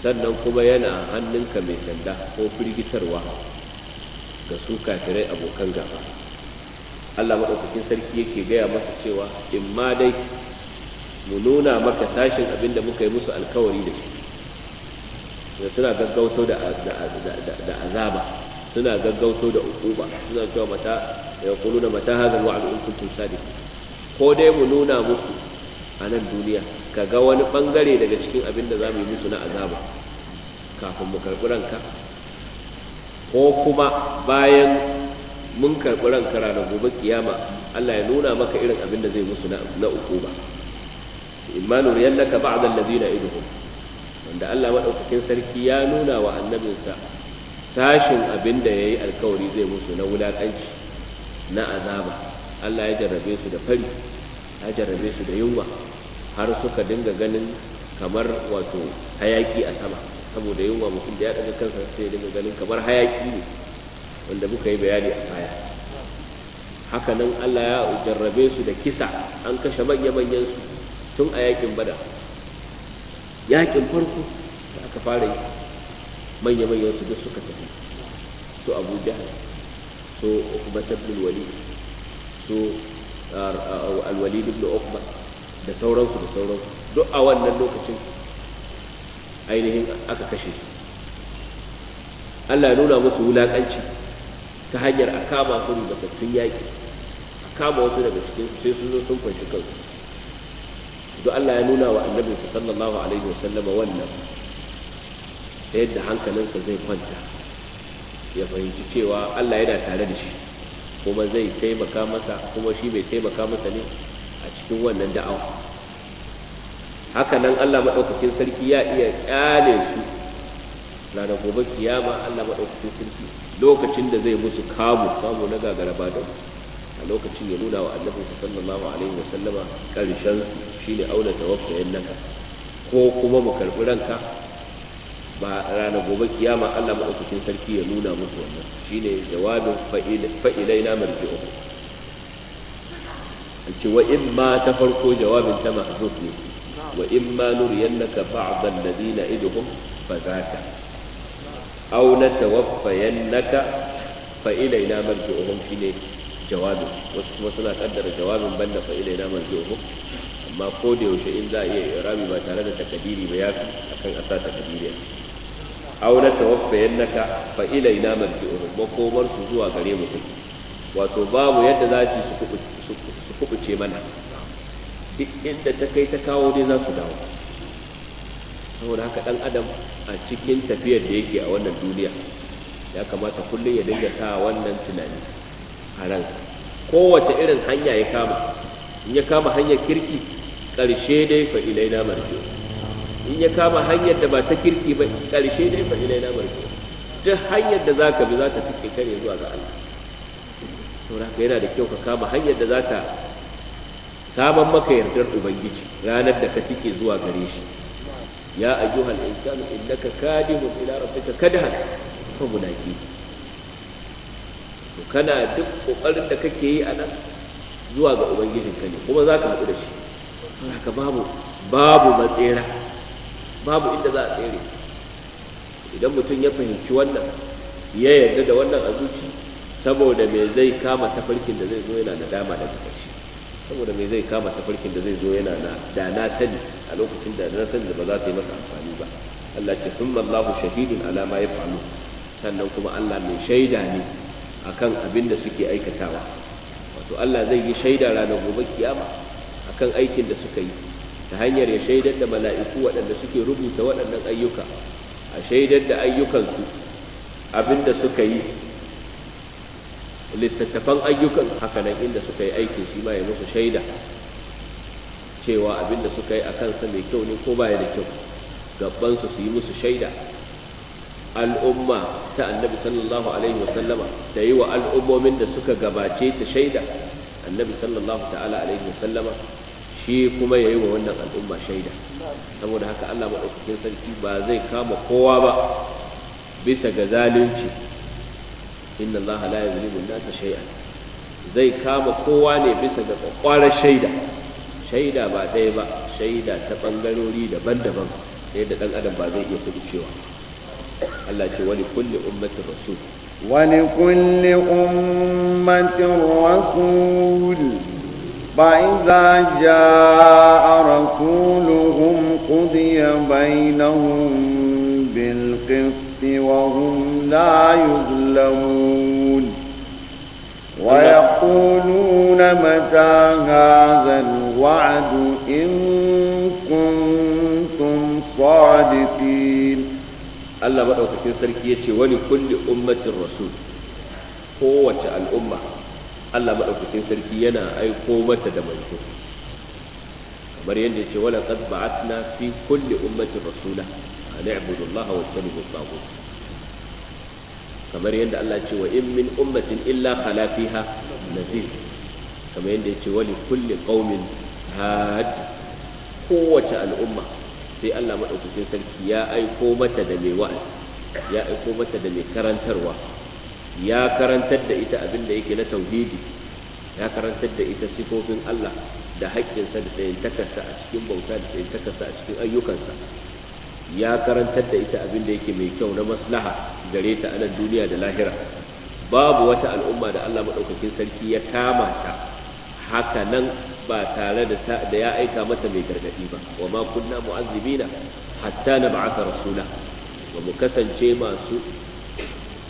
Speaker 1: sannan kuma yana hannunka mai sanda ko firgitarwa ga su kafirai abokan gaba Allah maɗaukakin sarki yake gaya masa cewa in ma dai mu nuna maka sashin abin da muka yi musu alkawari da shi da suna gaggautau da azaba suna gaggauto da ukuba suna cewa mata ya kulu da mata hazan wa'adu in kuntum sadiq ko dai mu nuna musu a nan duniya ka ga wani bangare daga cikin abin da za mu yi musu na azaba kafin mu karɓi ranka ko kuma bayan mun karɓi ranka ranar gobe kiyama Allah ya nuna maka irin abin da zai musu na ukuba imma nuriyannaka ba'da allazina iduhum wanda Allah madaukakin sarki ya nuna wa annabinsa sashin abin da ya yi alkawari zai musu na wulaƙanci na azaba Allah ya jarrabe su da fari ya jarrabe su da yunwa har suka dinga ganin kamar wato hayaki a sama saboda yunwa mutum da ya ɗaga kansa sai ya dinga ganin kamar hayaki ne wanda muka yi bayani a baya Haka nan Allah ya jarrabe su da kisa an kashe manya-manyan su tun a yakin bada yakin farko da aka fara yi manya manyan su duk suka tafi su abu jahal su ukba ibn su uh, uh, al-walid ibn ukba da sauransu da sauransu duk a wannan lokacin ainihin aka kashe su Allah ya nuna musu wulaƙanci ta hanyar a kama su rubatattun yaƙi a kama wasu daga cikin sai sun zo sun fanshi kansu duk Allah ya nuna wa annabinsa sallallahu alaihi wasallam wannan ta yadda hankalinsa zai kwanta ya fahimci cewa Allah yana tare da shi kuma zai taimaka masa kuma shi bai taimaka masa ne a cikin wannan da'awa haka nan Allah maɗaukakin sarki ya iya kyale su ranar gobe kiyama Allah maɗaukakin sarki lokacin da zai musu kamu kamu na gagaraba da a lokacin ya nuna wa annabi sallallahu alaihi wa sallama karshen shine aula tawaffa naka ko kuma mu karɓi ranka ba ranar gobe kiyama Allah maɗaukakin sarki ya nuna musu wannan shine jawabin fa'ilai na marji'u ce wa in ma ta farko jawabin ta mahzuf ne wa in ma nuriyannaka ba'd alladhina idhum fa zaka
Speaker 2: aw natawaffayannaka fa ilaina
Speaker 1: uku shine jawabin wasu kuma suna kaddara jawabin banda fa ilaina uku amma ko da yaushe in za a iya rami ba tare da takadiri ba ya akan asa takadiri aw la tawaffayannaka fa ilaina marji'uhum makomar su zuwa gare mu wato babu yadda za su su kubuce mana duk inda ta kai ta kawo dai za su dawo saboda haka dan adam a cikin tafiyar da yake a wannan duniya ya kamata kullum ya dinga sa wannan tunani a ranka. kowace irin hanya ya kama in ya kama hanyar kirki karshe dai fa ilaina marji'uhum in ya kama hanyar da ba ta kirki ba ƙarshe dai fa ilaina marji Ta hanyar da zaka bi zaka tike kare zuwa ga Allah saboda yana da kyau ka kama hanyar da zaka saman maka yardar ubangiji ranar da ka tike zuwa gare shi ya ayyuhal insanu innaka kadimun ila rabbika kadhan fa mulaqi to kana duk kokarin da kake yi a nan zuwa ga ubangijinka ne kuma zaka haɗu da shi haka babu babu matsera babu inda za a tsere idan mutum ya fahimci wannan ya yarda da wannan a zuci saboda me zai kama tafarkin da zai zo yana nadama daga ƙarshe saboda me zai kama tafarkin da zai zo yana na da na sani a lokacin da na sani da ba za ta yi masa amfani ba Allah ce sun mallahu shahidun ala ma sannan kuma Allah mai shaida ne akan abin da suke aikatawa wato Allah zai yi shaida ranar gobe kiyama akan aikin da suka yi ta hanyar ya shaidar da mala'iku waɗanda suke rubuta waɗannan ayyuka a shaidar da ayyukansu abinda suka yi littattafan ayyukan hakanan inda suka yi aikin shi ma ya musu shaida cewa abinda suka yi a kansa mai kyau ne ko baya da kyau gabansu su yi musu shaida al'umma ta annabi sallallahu alaihi wasallama da yi wa al'ummomin da suka gabace ta shaida annabi sallallahu ta'ala alaihi wasallama shi kuma ya yi wa wannan al'umma shaida saboda haka Allah maɗaukakin sarki ba zai kama kowa ba bisa ga zalunci inna Allah la yuzlimu nasa shay'an zai kama kowa ne bisa ga kwakwarar shaida shaida ba ɗaya ba shaida ta ɓangarori daban-daban yadda ɗan adam ba zai iya kudu cewa Allah ce
Speaker 3: wani kulli ummatin rasul wani kulli ummatin rasul فإذا جاء رسولهم قضي بينهم بالقسط وهم لا يظلمون ويقولون متى هذا الوعد إن كنتم صادقين الله بقى وكتن
Speaker 1: سركي ولكل أمة الرسول قوة الأمة Allah madaukakin sarki yana aiko mata da manzo kamar yadda yace wala qad ba'athna fi kulli ummatin rasula an i'budu Allah wa tanibu tagut kamar yadda Allah ce wa in min ummatin illa khala fiha nadhir kamar yadda yace wa li kulli qaumin had kowace al'umma sai Allah madaukakin sarki ya aiko mata da mai wa'azi ya aiko mata da mai karantarwa ya karantar da ita abin da yake na tauhidi ya karantar da ita sifofin Allah da haƙƙinsa da tsayintakarsa a cikin bauta da tsayintakarsa a cikin ayyukansa ya karantar da ita abin da yake mai kyau na maslaha gare ta a nan duniya da lahira babu wata al'umma da Allah maɗaukakin sarki ya kama ta haka nan ba tare da da ya aika mata mai gargaɗi ba wa ma kunna mu'azzibina hatta na ba'atha rasula wa mu kasance masu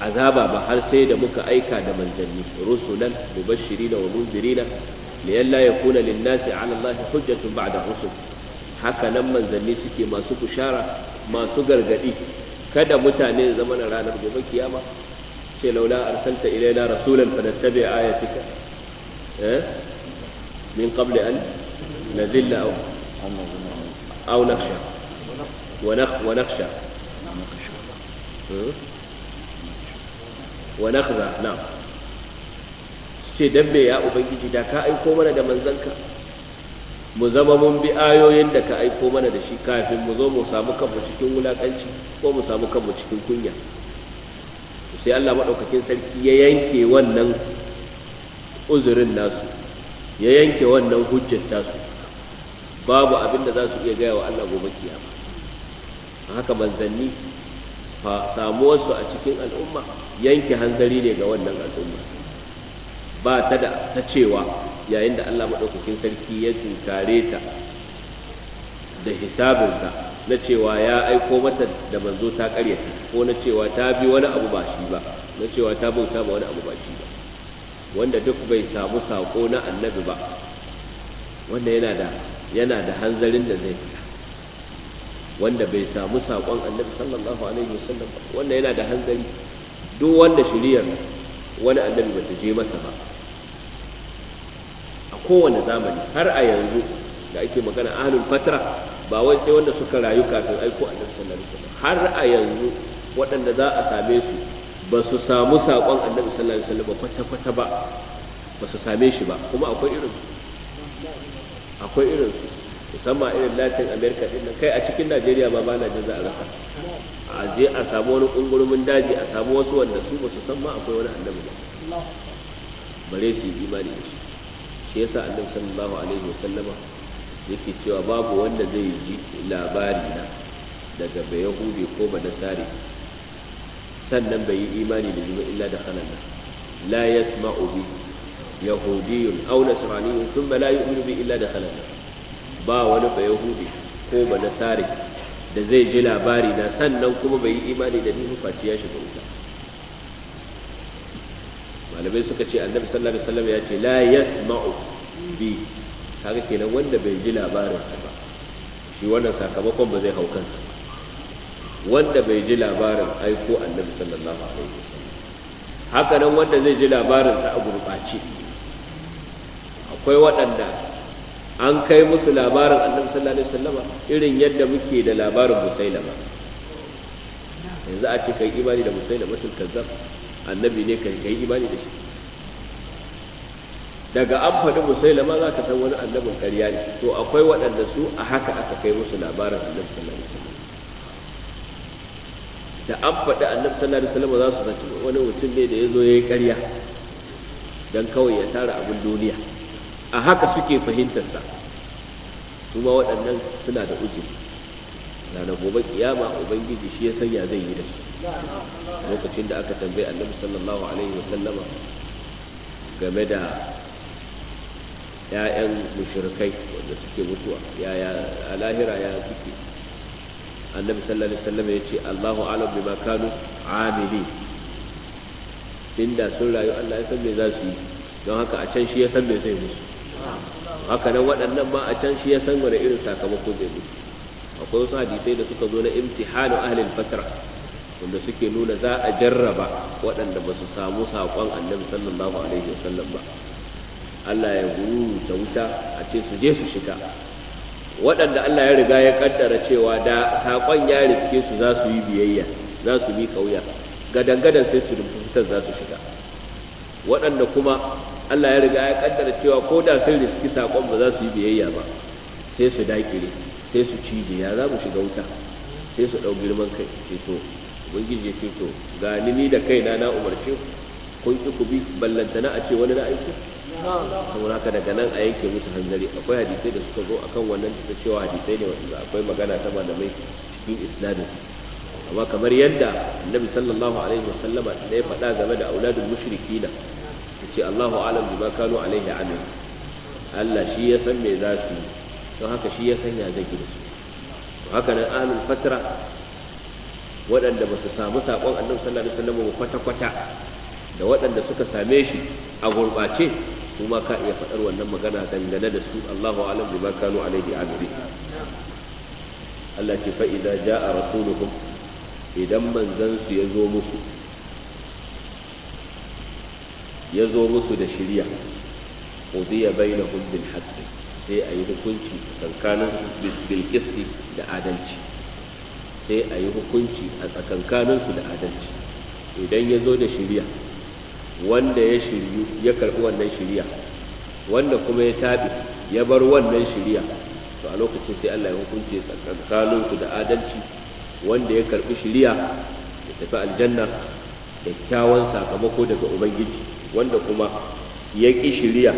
Speaker 1: azaba ba har sai da muka aika da manzanni rusulan mubashirina wa munzirina liyalla yakuna lin-nasi 'ala Allahi hujjatun ba'da rusul haka nan manzanni suke masu kushara masu gargadi kada mutane zama na ranar gobe kiyama ce laula arsalta ilaina rasulan fanattabi ayatika
Speaker 2: eh min qabli an nazilla aw aw nakhsha wa nakhsha wa nakhsha hmm?
Speaker 1: wa nakhza ce dabbe ya ubangiji da ka aiko mana da manzanka mu zama mun bi ayoyin da ka aiko mana da shi kafin mu zo mu samu kanmu cikin wulakanci ko mu samu kanmu cikin kunya sai Allah maɗaukakin sarki ya yanke wannan uzurin nasu ya yanke wannan hujjar tasu babu abin da za su iya gaya wa Allah gobe kiyama haka manzanni fa samuwarsu a cikin al'umma yanke hanzari ne ga wannan al'umma ba ta da ta cewa yayin da Allah maɗaukakin sarki ya tunkare ta da hisabinsa na cewa ya aiko mata da manzo ta karyata ko na cewa ta bi wani abu ba shi ba na cewa ta bauta ba wani abu ba shi ba wanda duk bai samu sako na annabi ba wanda yana da yana da hanzarin da zai fita wanda bai samu saƙon annabi sallallahu alaihi wasallam ba wanda yana da hanzari duk wanda shiriyar wani annabi bata je masa ba a kowane zamani har a yanzu da ake magana ahlul fatra ba wai sai wanda suka rayu kafin aiko annabi sallallahu alaihi wasallam har a yanzu waɗanda za a same su ba su samu saƙon annabi sallallahu alaihi wasallam kwata-kwata ba ba su same shi ba kuma akwai irin akwai irin musamman irin latin america din nan kai a cikin najeriya ma ba na jin za a rasa a je a samu wani kungurumin daji a samu wasu wanda su basu su san ma akwai wani annabi ba bare su yi imani da shi shi yasa annabi sallallahu alaihi wa sallama yake cewa babu wanda zai ji labari na daga bayahudi ko banasari sannan bai yi imani da jima illa da hanan la yasma'u bi yahudiyyun aw nasraniyyun thumma la yu'minu bi illa da hanan ba wani ba yahudi ko ba nasari da zai ji labari na sannan kuma bai yi imani da ni face ya shiga wuta malamai suka ce annabi sallallahu alaihi wasallam ya ce la yasma'u bi kaga kenan wanda bai ji labarin ba shi wannan sakamakon ba zai hau kansa wanda bai ji labarin aiko annabi sallallahu alaihi wasallam haka nan wanda zai ji labarin sa a gurbace akwai waɗanda an kai musu labarin annabi sallallahu alaihi wasallam irin yadda muke da labarin musailama yanzu a ce kai imani da musailama sun kazzab annabi ne kai kai imani da shi daga an faɗi musailama za ka san wani annabin ƙarya ne to akwai waɗanda su a haka aka kai musu labarin annabi sallallahu alaihi wasallam da an faɗi annabi sallallahu alaihi wasallam za su zaci wani mutum ne da ya zo ya yi ƙarya don kawai ya tara abin duniya a haka suke fahimtarsa su ma waɗannan suna da ujiri ranar gobe kiyama ubangiji shi ya sanya zai yi da
Speaker 2: su lokacin
Speaker 1: da aka tambayi annabi sallallahu alaihi wa sallama game da ‘ya'yan mushrikai wanda suke mutuwa a alahira ya suke annabi sallallahu alaihi wasallam ya ce Allahu alam bima kanu amili inda sun rayu Allah ya san me za su yi don haka a can shi ya san me zai musu Hakanan waɗannan ma a can shi ya san wani irin sakamako zai mutu akwai wasu hadisai da suka zo na imtihanu ahlil fatra wanda suke nuna za a jarraba waɗanda ba su samu saƙon annabi sallallahu alaihi wasallam ba Allah ya ta wuta a ce su je su shiga waɗanda Allah ya riga ya kaddara cewa da saƙon ya riske su za su yi biyayya za su bi kauya gadan gadan sai su rubuta fitar za su shiga waɗanda kuma Allah ya riga ya kaddara cewa ko da sai riski sakon ba za su yi biyayya ba sai su dakire sai su cije ya za mu shiga wuta sai su dau girman kai ce to ubangiji ce to ga ni da kaina na umarce kun ki ku bi ballantana a ce wani na aiki saboda haka daga nan a yanke musu hanzari akwai hadisai da suka zo akan wannan da cewa hadisai ne wanda akwai magana ta malamai cikin isnadin amma kamar yadda annabi sallallahu alaihi wasallama da ya faɗa game da auladun mushrikina ce Allahu alam bima kanu alaihi amin Allah shi ya san me za su don haka shi ya san ya zai da su haka nan ahlul fatra waɗanda ba su samu saƙon annabi sallallahu alaihi wasallam kwata-kwata da waɗanda suka same shi a gurɓace kuma ka iya faɗar wannan magana dangane da su Allahu alam bima kanu alaihi amin Allah ce fa idza jaa rasuluhum idan manzon su ya zo musu ya zo musu da shirya udiya bainahum bil haqqi sai a yi hukunci tsakanin bil da adalci sai a yi hukunci a tsakankanin su da adalci idan ya zo da shirya wanda ya shiryu ya karbi wannan shirya wanda kuma ya tabi ya bar wannan shirya to a lokacin sai Allah ya hukunci tsakankanin su da adalci wanda ya karbi shirya ya tafi aljanna kyakkyawan sakamako daga ubangiji wanda kuma ya ƙi shirya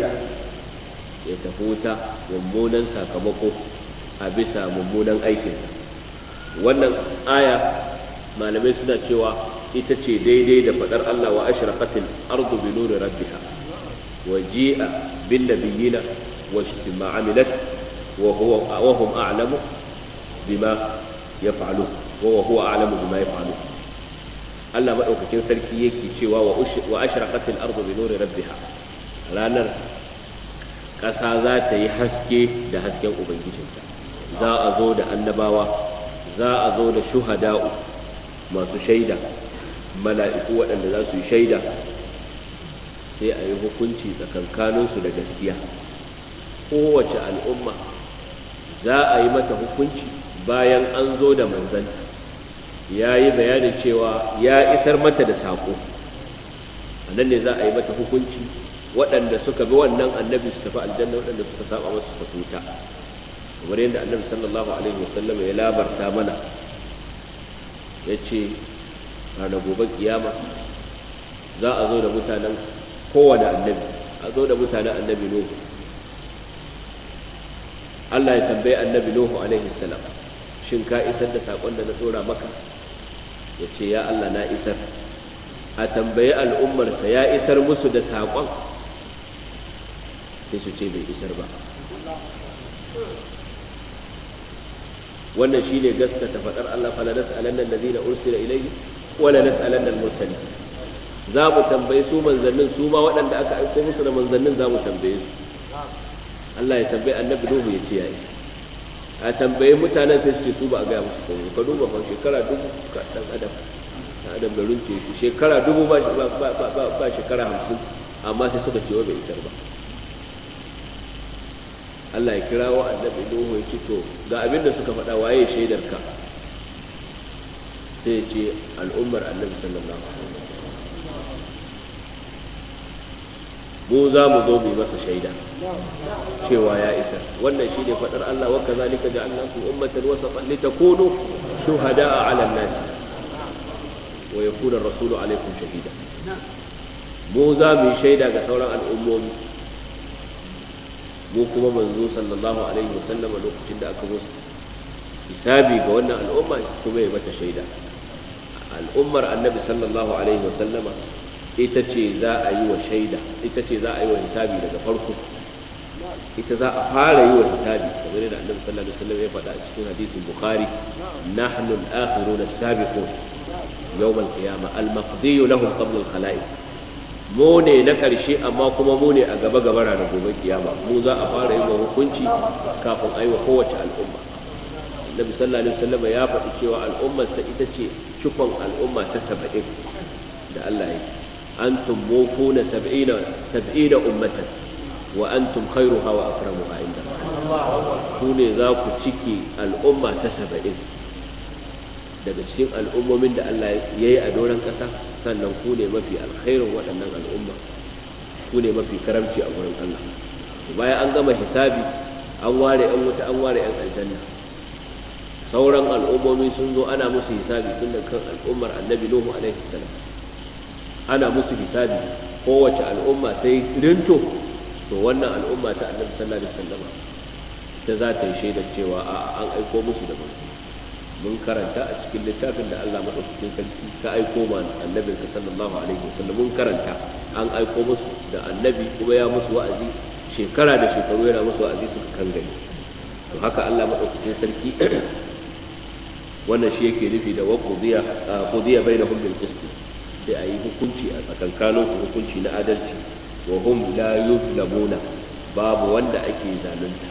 Speaker 1: ya tafi wuta mummunan sakamako a bisa mummunan aikinsa wannan aya malamai suna cewa ita ce daidai da faɗar Allah wa ashraqatil ardu bi nuri rabbiha wa ji'a bin nabiyina wa ishtima amilat wa huwa wa hum a'lamu bima yaf'alun wa huwa a'lamu bima yaf'alun Allah maɗaukakin sarki yake cewa wa ashraqatil ardu bi nuri rabbiha ranar ƙasa za ta yi haske da hasken ubangijinta za a zo da annabawa za a zo da shuhada'u masu shaida mala'iku waɗanda za su yi shaida sai a yi hukunci tsakankaninsu da gaskiya kowace al'umma za a yi mata hukunci bayan an zo da manzanta ya yi bayanin cewa ya isar mata da saƙo nan ne za a yi mata hukunci waɗanda suka bi wannan annabi su tafi aljanna waɗanda suka saba masa su tafi wuta kamar yadda annabi sallallahu alaihi wasallam ya labarta mana ya ce ranar gobe kiyama za a zo da mutanen kowane annabi a zo da mutanen annabi nuhu Allah ya tambayi annabi nuhu alaihi salam shin ka isar da saƙon da na tsora maka ya ce ya Allah na isar a tambayi al'ummarsa ya isar musu da saƙon sai su ce bai isar ba wannan shi shine gaskata faɗar Allah fa fala nas'alanna allazina ursila ilayhi wala nas'alanna al-mursalin za mu tambayi su manzannin su ma waɗanda aka aiko musu da manzannin za mu tambaye su Allah ya tambayi annabi Nuhu ya ce ya isa a tambayi mutanen sai suke ce su ba a gaya musu komai ka duba fa shekara dubu ka dan adam adam da runce shi shekara dubu ba ba shekara hamsin amma sai suka ce wa bai isar ba Allah ya kira wa annabi Nuhu ya ce to ga abin da suka faɗa waye shaidar ka sai ya ce al'ummar annabi sallallahu alaihi mu za mu zo mu yi masa shaida
Speaker 2: cewa ya isa wannan shi ne faɗar
Speaker 1: Allah wa ka zalika ja'alnakum ummatan wasatan litakunu shuhada'a 'ala an-nas wa yakuna ar-rasulu 'alaykum shahida mu za mu yi shaida ga sauran al'ummomi mu kuma manzo sallallahu alaihi wasallam lokacin da aka zo hisabi ga wannan al'umma kuma ya mata shaida al'ummar annabi sallallahu alaihi wasallama ita ce za a yi wa shaida ita ce za a yi wa hisabi daga farko ita za a fara yi wa hisabi kamar yadda annabi sallallahu alaihi wasallam ya faɗa a cikin hadisin bukhari nahnu al-akhirun as-sabiqun yawm al-qiyamah al-maqdi lahum qabla al-khalaiq mu ne na ƙarshe amma kuma mu ne a gaba gaba ranar gobe kiyama mu za a fara yi wa hukunci kafin a yi wa kowace al'umma annabi sallallahu alaihi wasallam ya faɗi cewa al'ummar sa ita ce cikon al'umma ta saba'in da Allah ya yi antum mufuna sab'ina sab'ina ummatan wa antum khairuha wa akramuha inda ku ne za ku ciki al'umma ta saba'in daga cikin al'ummomin da Allah ya yi a doron ƙasa sannan ku ne mafi alkhairin waɗannan al'umma ku ne mafi karamci a wurin Allah bayan an gama hisabi an ware 'yan wuta an ware 'yan aljanna sauran al'ummomi sun zo ana musu hisabi tun da kan al'ummar annabi nuhu alaihi salam ana musu hisabi kowace al'umma ta yi rinto to wannan al'umma ta annabi sallallahu alaihi wasallam ta za ta yi shaidar cewa a an aiko musu da manzo mun karanta a cikin littafin da Allah madaukakin sarki ka aiko ma annabin ka sallallahu alaihi wasallam mun karanta an aiko musu da annabi kuma ya musu wa'azi shekara da shekaru yana musu wa'azi suka kangare to haka Allah madaukakin sarki wannan shi yake nufi da wa qudiya qudiya bainahum bil qist ce a yi hukunci a tsakankanin hukunci na adalci wa hum la yuzlamuna babu wanda ake zalunta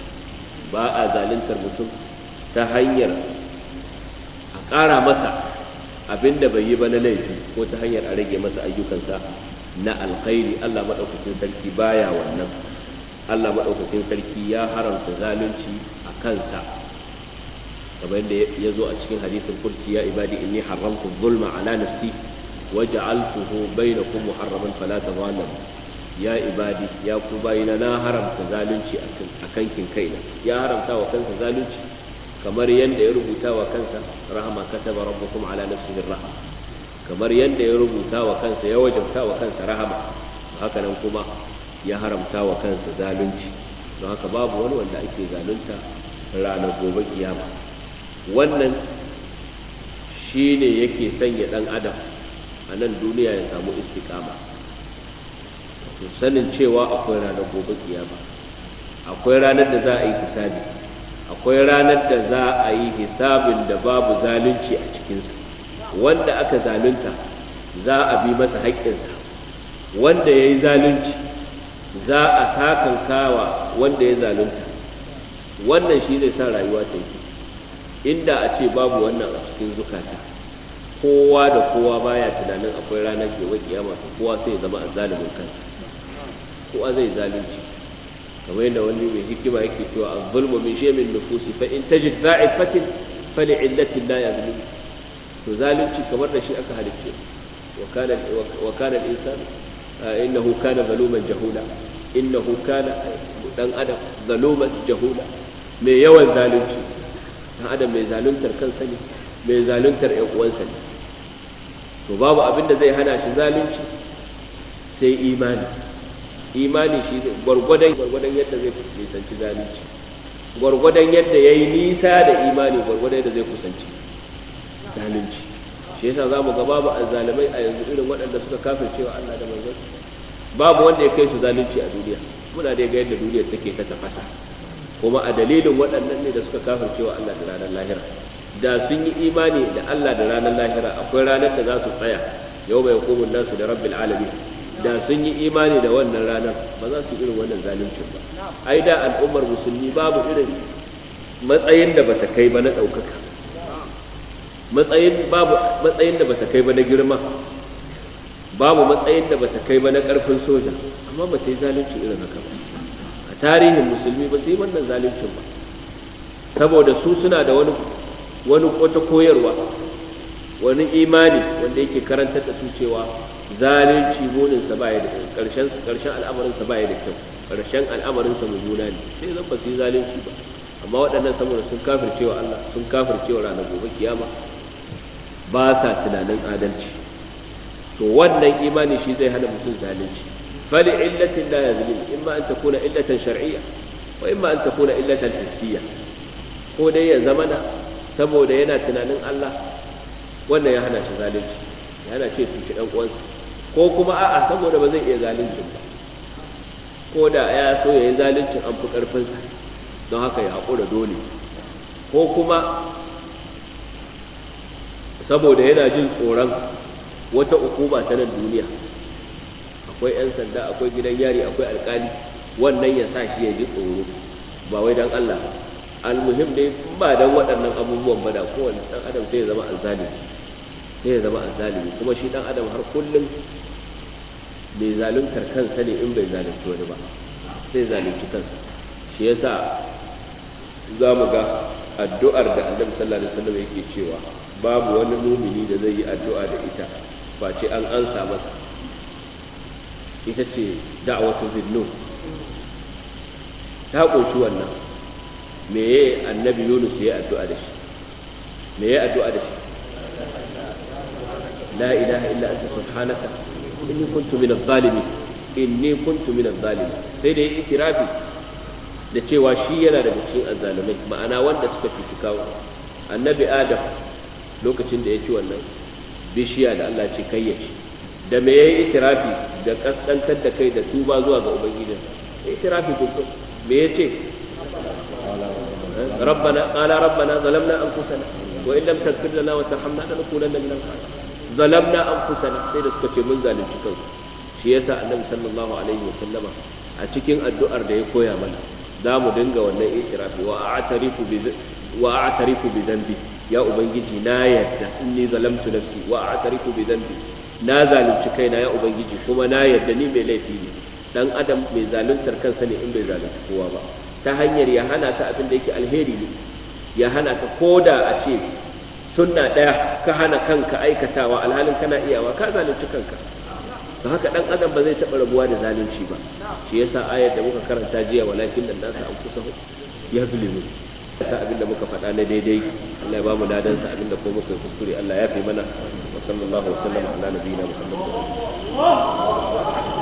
Speaker 1: ba a zaluntar mutum ta hanyar
Speaker 2: a
Speaker 1: ƙara masa abin da bai yi ba na laifi ko ta hanyar a rage masa ayyukansa na alkhairi Allah maɗaukakin sarki baya wannan Allah maɗaukakin sarki ya haramta zalunci a kansa kamar yadda ya zo a cikin hadisin kurci ya ibadi inni haramtu zulma ala nafsi waja'altuhu bainakum muharraman fala tazalamu ya ibadi ya ku bayina na haramta zalunci a kankin kaina ya haramta kansa zalunci kamar yadda ya rubuta wa kansa rahama kataba rabbukum ala nafsihi rahma kamar yadda ya rubuta wa kansa ya wajabta wa kansa rahama haka nan kuma ya haramta wa kansa zalunci don haka babu wani wanda ake zalunta ranar gobe kiyama wannan ne yake sanya ɗan adam a nan duniya ya samu istiqama to sanin cewa akwai ranar gobe kiyama akwai ranar da za a yi hisabi akwai ranar da za a yi hisabin da babu zalunci a cikinsa wanda aka zalunta za a bi masa haƙƙinsa wanda ya yi zalunci za a sakankawa wanda ya zalunta wannan shi zai sa rayuwa ta yi inda a ce babu wannan a cikin zukata kowa da kowa baya tunanin akwai ranar gobe kiyama to kowa sai zama a azzalimin kansa kowa zai zalunci kamar yadda wani mai hikima yake cewa az-zulmu min shay'in nufusi fa in tajid da'ifatin fa li'illatin la yazlim to zalunci kamar da shi aka halicce wa kana wa kana al-insan innahu kana zaluman jahula innahu kana dan adam zaluman jahula mai yawan zalunci dan adam mai zaluntar kansa ne mai zaluntar ƴan uwansa ne to babu abin da zai hana shi zalunci sai imani imani shi gwargwadon gwargwadon yadda zai kusanci zalunci gwargwadon yadda ya yi nisa da imani gwargwadon yadda zai kusanci zalunci shi yasa za mu ga babu azzalimai a yanzu irin waɗanda suka kafin cewa Allah da manzon babu wanda ya kai su zalunci a duniya muna dai ga yadda duniyar take ta tafasa kuma a dalilin waɗannan ne da suka kafin cewa Allah da ranar lahira da sun yi imani da Allah da ranar lahira akwai ranar da za su tsaya yau mai nan nasu da rabbil alamin da sun yi imani da wannan ranar ba za su irin wannan zaluncin ba ai da al'ummar musulmi babu irin matsayin da bata kai ba na ɗaukaka matsayin babu matsayin da bata kai ba na girma babu matsayin da bata kai ba na ƙarfin soja amma ba ta yi zalunci irin haka ba a tarihin musulmi ba su yi wannan zaluncin ba saboda su suna da wani wani wata koyarwa wani imani wanda yake karantar da su cewa zalunci burinsa baya da karshen karshen al'amarinsa baya da kyau karshen al'amarinsa mummuna ne sai zan ba yi zalunci ba amma waɗannan saboda sun kafircewa Allah sun kafircewa ranar gobe kiyama ba sa tunanin adalci to wannan imani shi zai hana mutum zalunci fali illatin la yazlim imma an takuna illatan shar'iyya wa imma an takuna illatan hissiyya ko dai ya zamana saboda yana tunanin Allah wannan ya hana shi zalunci ya hana ce tuki dan uwansa ko kuma a'a saboda ba zai iya zalunci ba ko da ya so ya yi zalunci an fi ƙarfinsa don haka ya haƙura dole ko kuma saboda yana jin tsoron wata hukuma ta nan duniya akwai 'yan sanda akwai gidan yari akwai alkali wannan ya sa shi ya ji tsoro ba wai don Allah almuhim dai ba dan waɗannan abubuwan ba da kowane dan adam sai ya zama azzalimi sai ya zama azzalimi kuma shi dan adam har kullum bai zaluntar kansa ne in bai zalunci wani ba sai zalunci kansa shi yasa za mu ga addu'ar da annabi sallallahu alaihi wasallam yake cewa babu wani mumini da zai yi addu'a da ita face an ansa masa ita ce da'awatu zinnun ta ƙunshi wannan meye annabi yunus ya addu'a da shi Me meye addu'a da
Speaker 2: shi la ilaha illa anta
Speaker 1: subhanaka inni kuntu min adh-dhalimin inni kuntu min adh-dhalimin sai da yake kirafi da cewa shi yana da cikin azzalumai ma'ana wanda suka cuci kawo annabi adam lokacin da ya ci wannan bishiya da Allah ce kai ya ci da me yayi itirafi da kaskantar da kai da tuba zuwa ga ubangijinsa itirafi ko me yace ربنا قال ربنا ظلمنا أنفسنا وإن لم تغفر لنا وترحمنا لنكونن من الخاسرين ظلمنا أنفسنا sai da suka ce mun zalunci kanmu shi yasa annabi sallallahu alaihi wa sallama a cikin addu'ar da ya koya mana za mu dinga wannan itirafi wa a'tarifu bi ya ubangiji na yadda inni zalamtu nafsi wa a'tarifu bi na zalunci kaina ya ubangiji kuma na yadda ni mai laifi ne dan adam mai zaluntar kansa ne in bai zalunci kowa ba ta hanyar ya hana ka abin da yake alheri ne ya hana ka koda a ce sunna ɗaya ka hana kanka aikatawa alhalin kana iyawa ka zalunci kanka ba haka dan adam ba zai taɓa rabuwa da zalunci ba shi yasa ayar da muka karanta jiya walakin dan nasa an kusa ya zulimu yasa abin da muka faɗa na daidai Allah ya bamu mu ladan sa abin da ko muka kuskure Allah ya fi mana wa sallallahu wa sallama ala nabiyina
Speaker 2: muhammad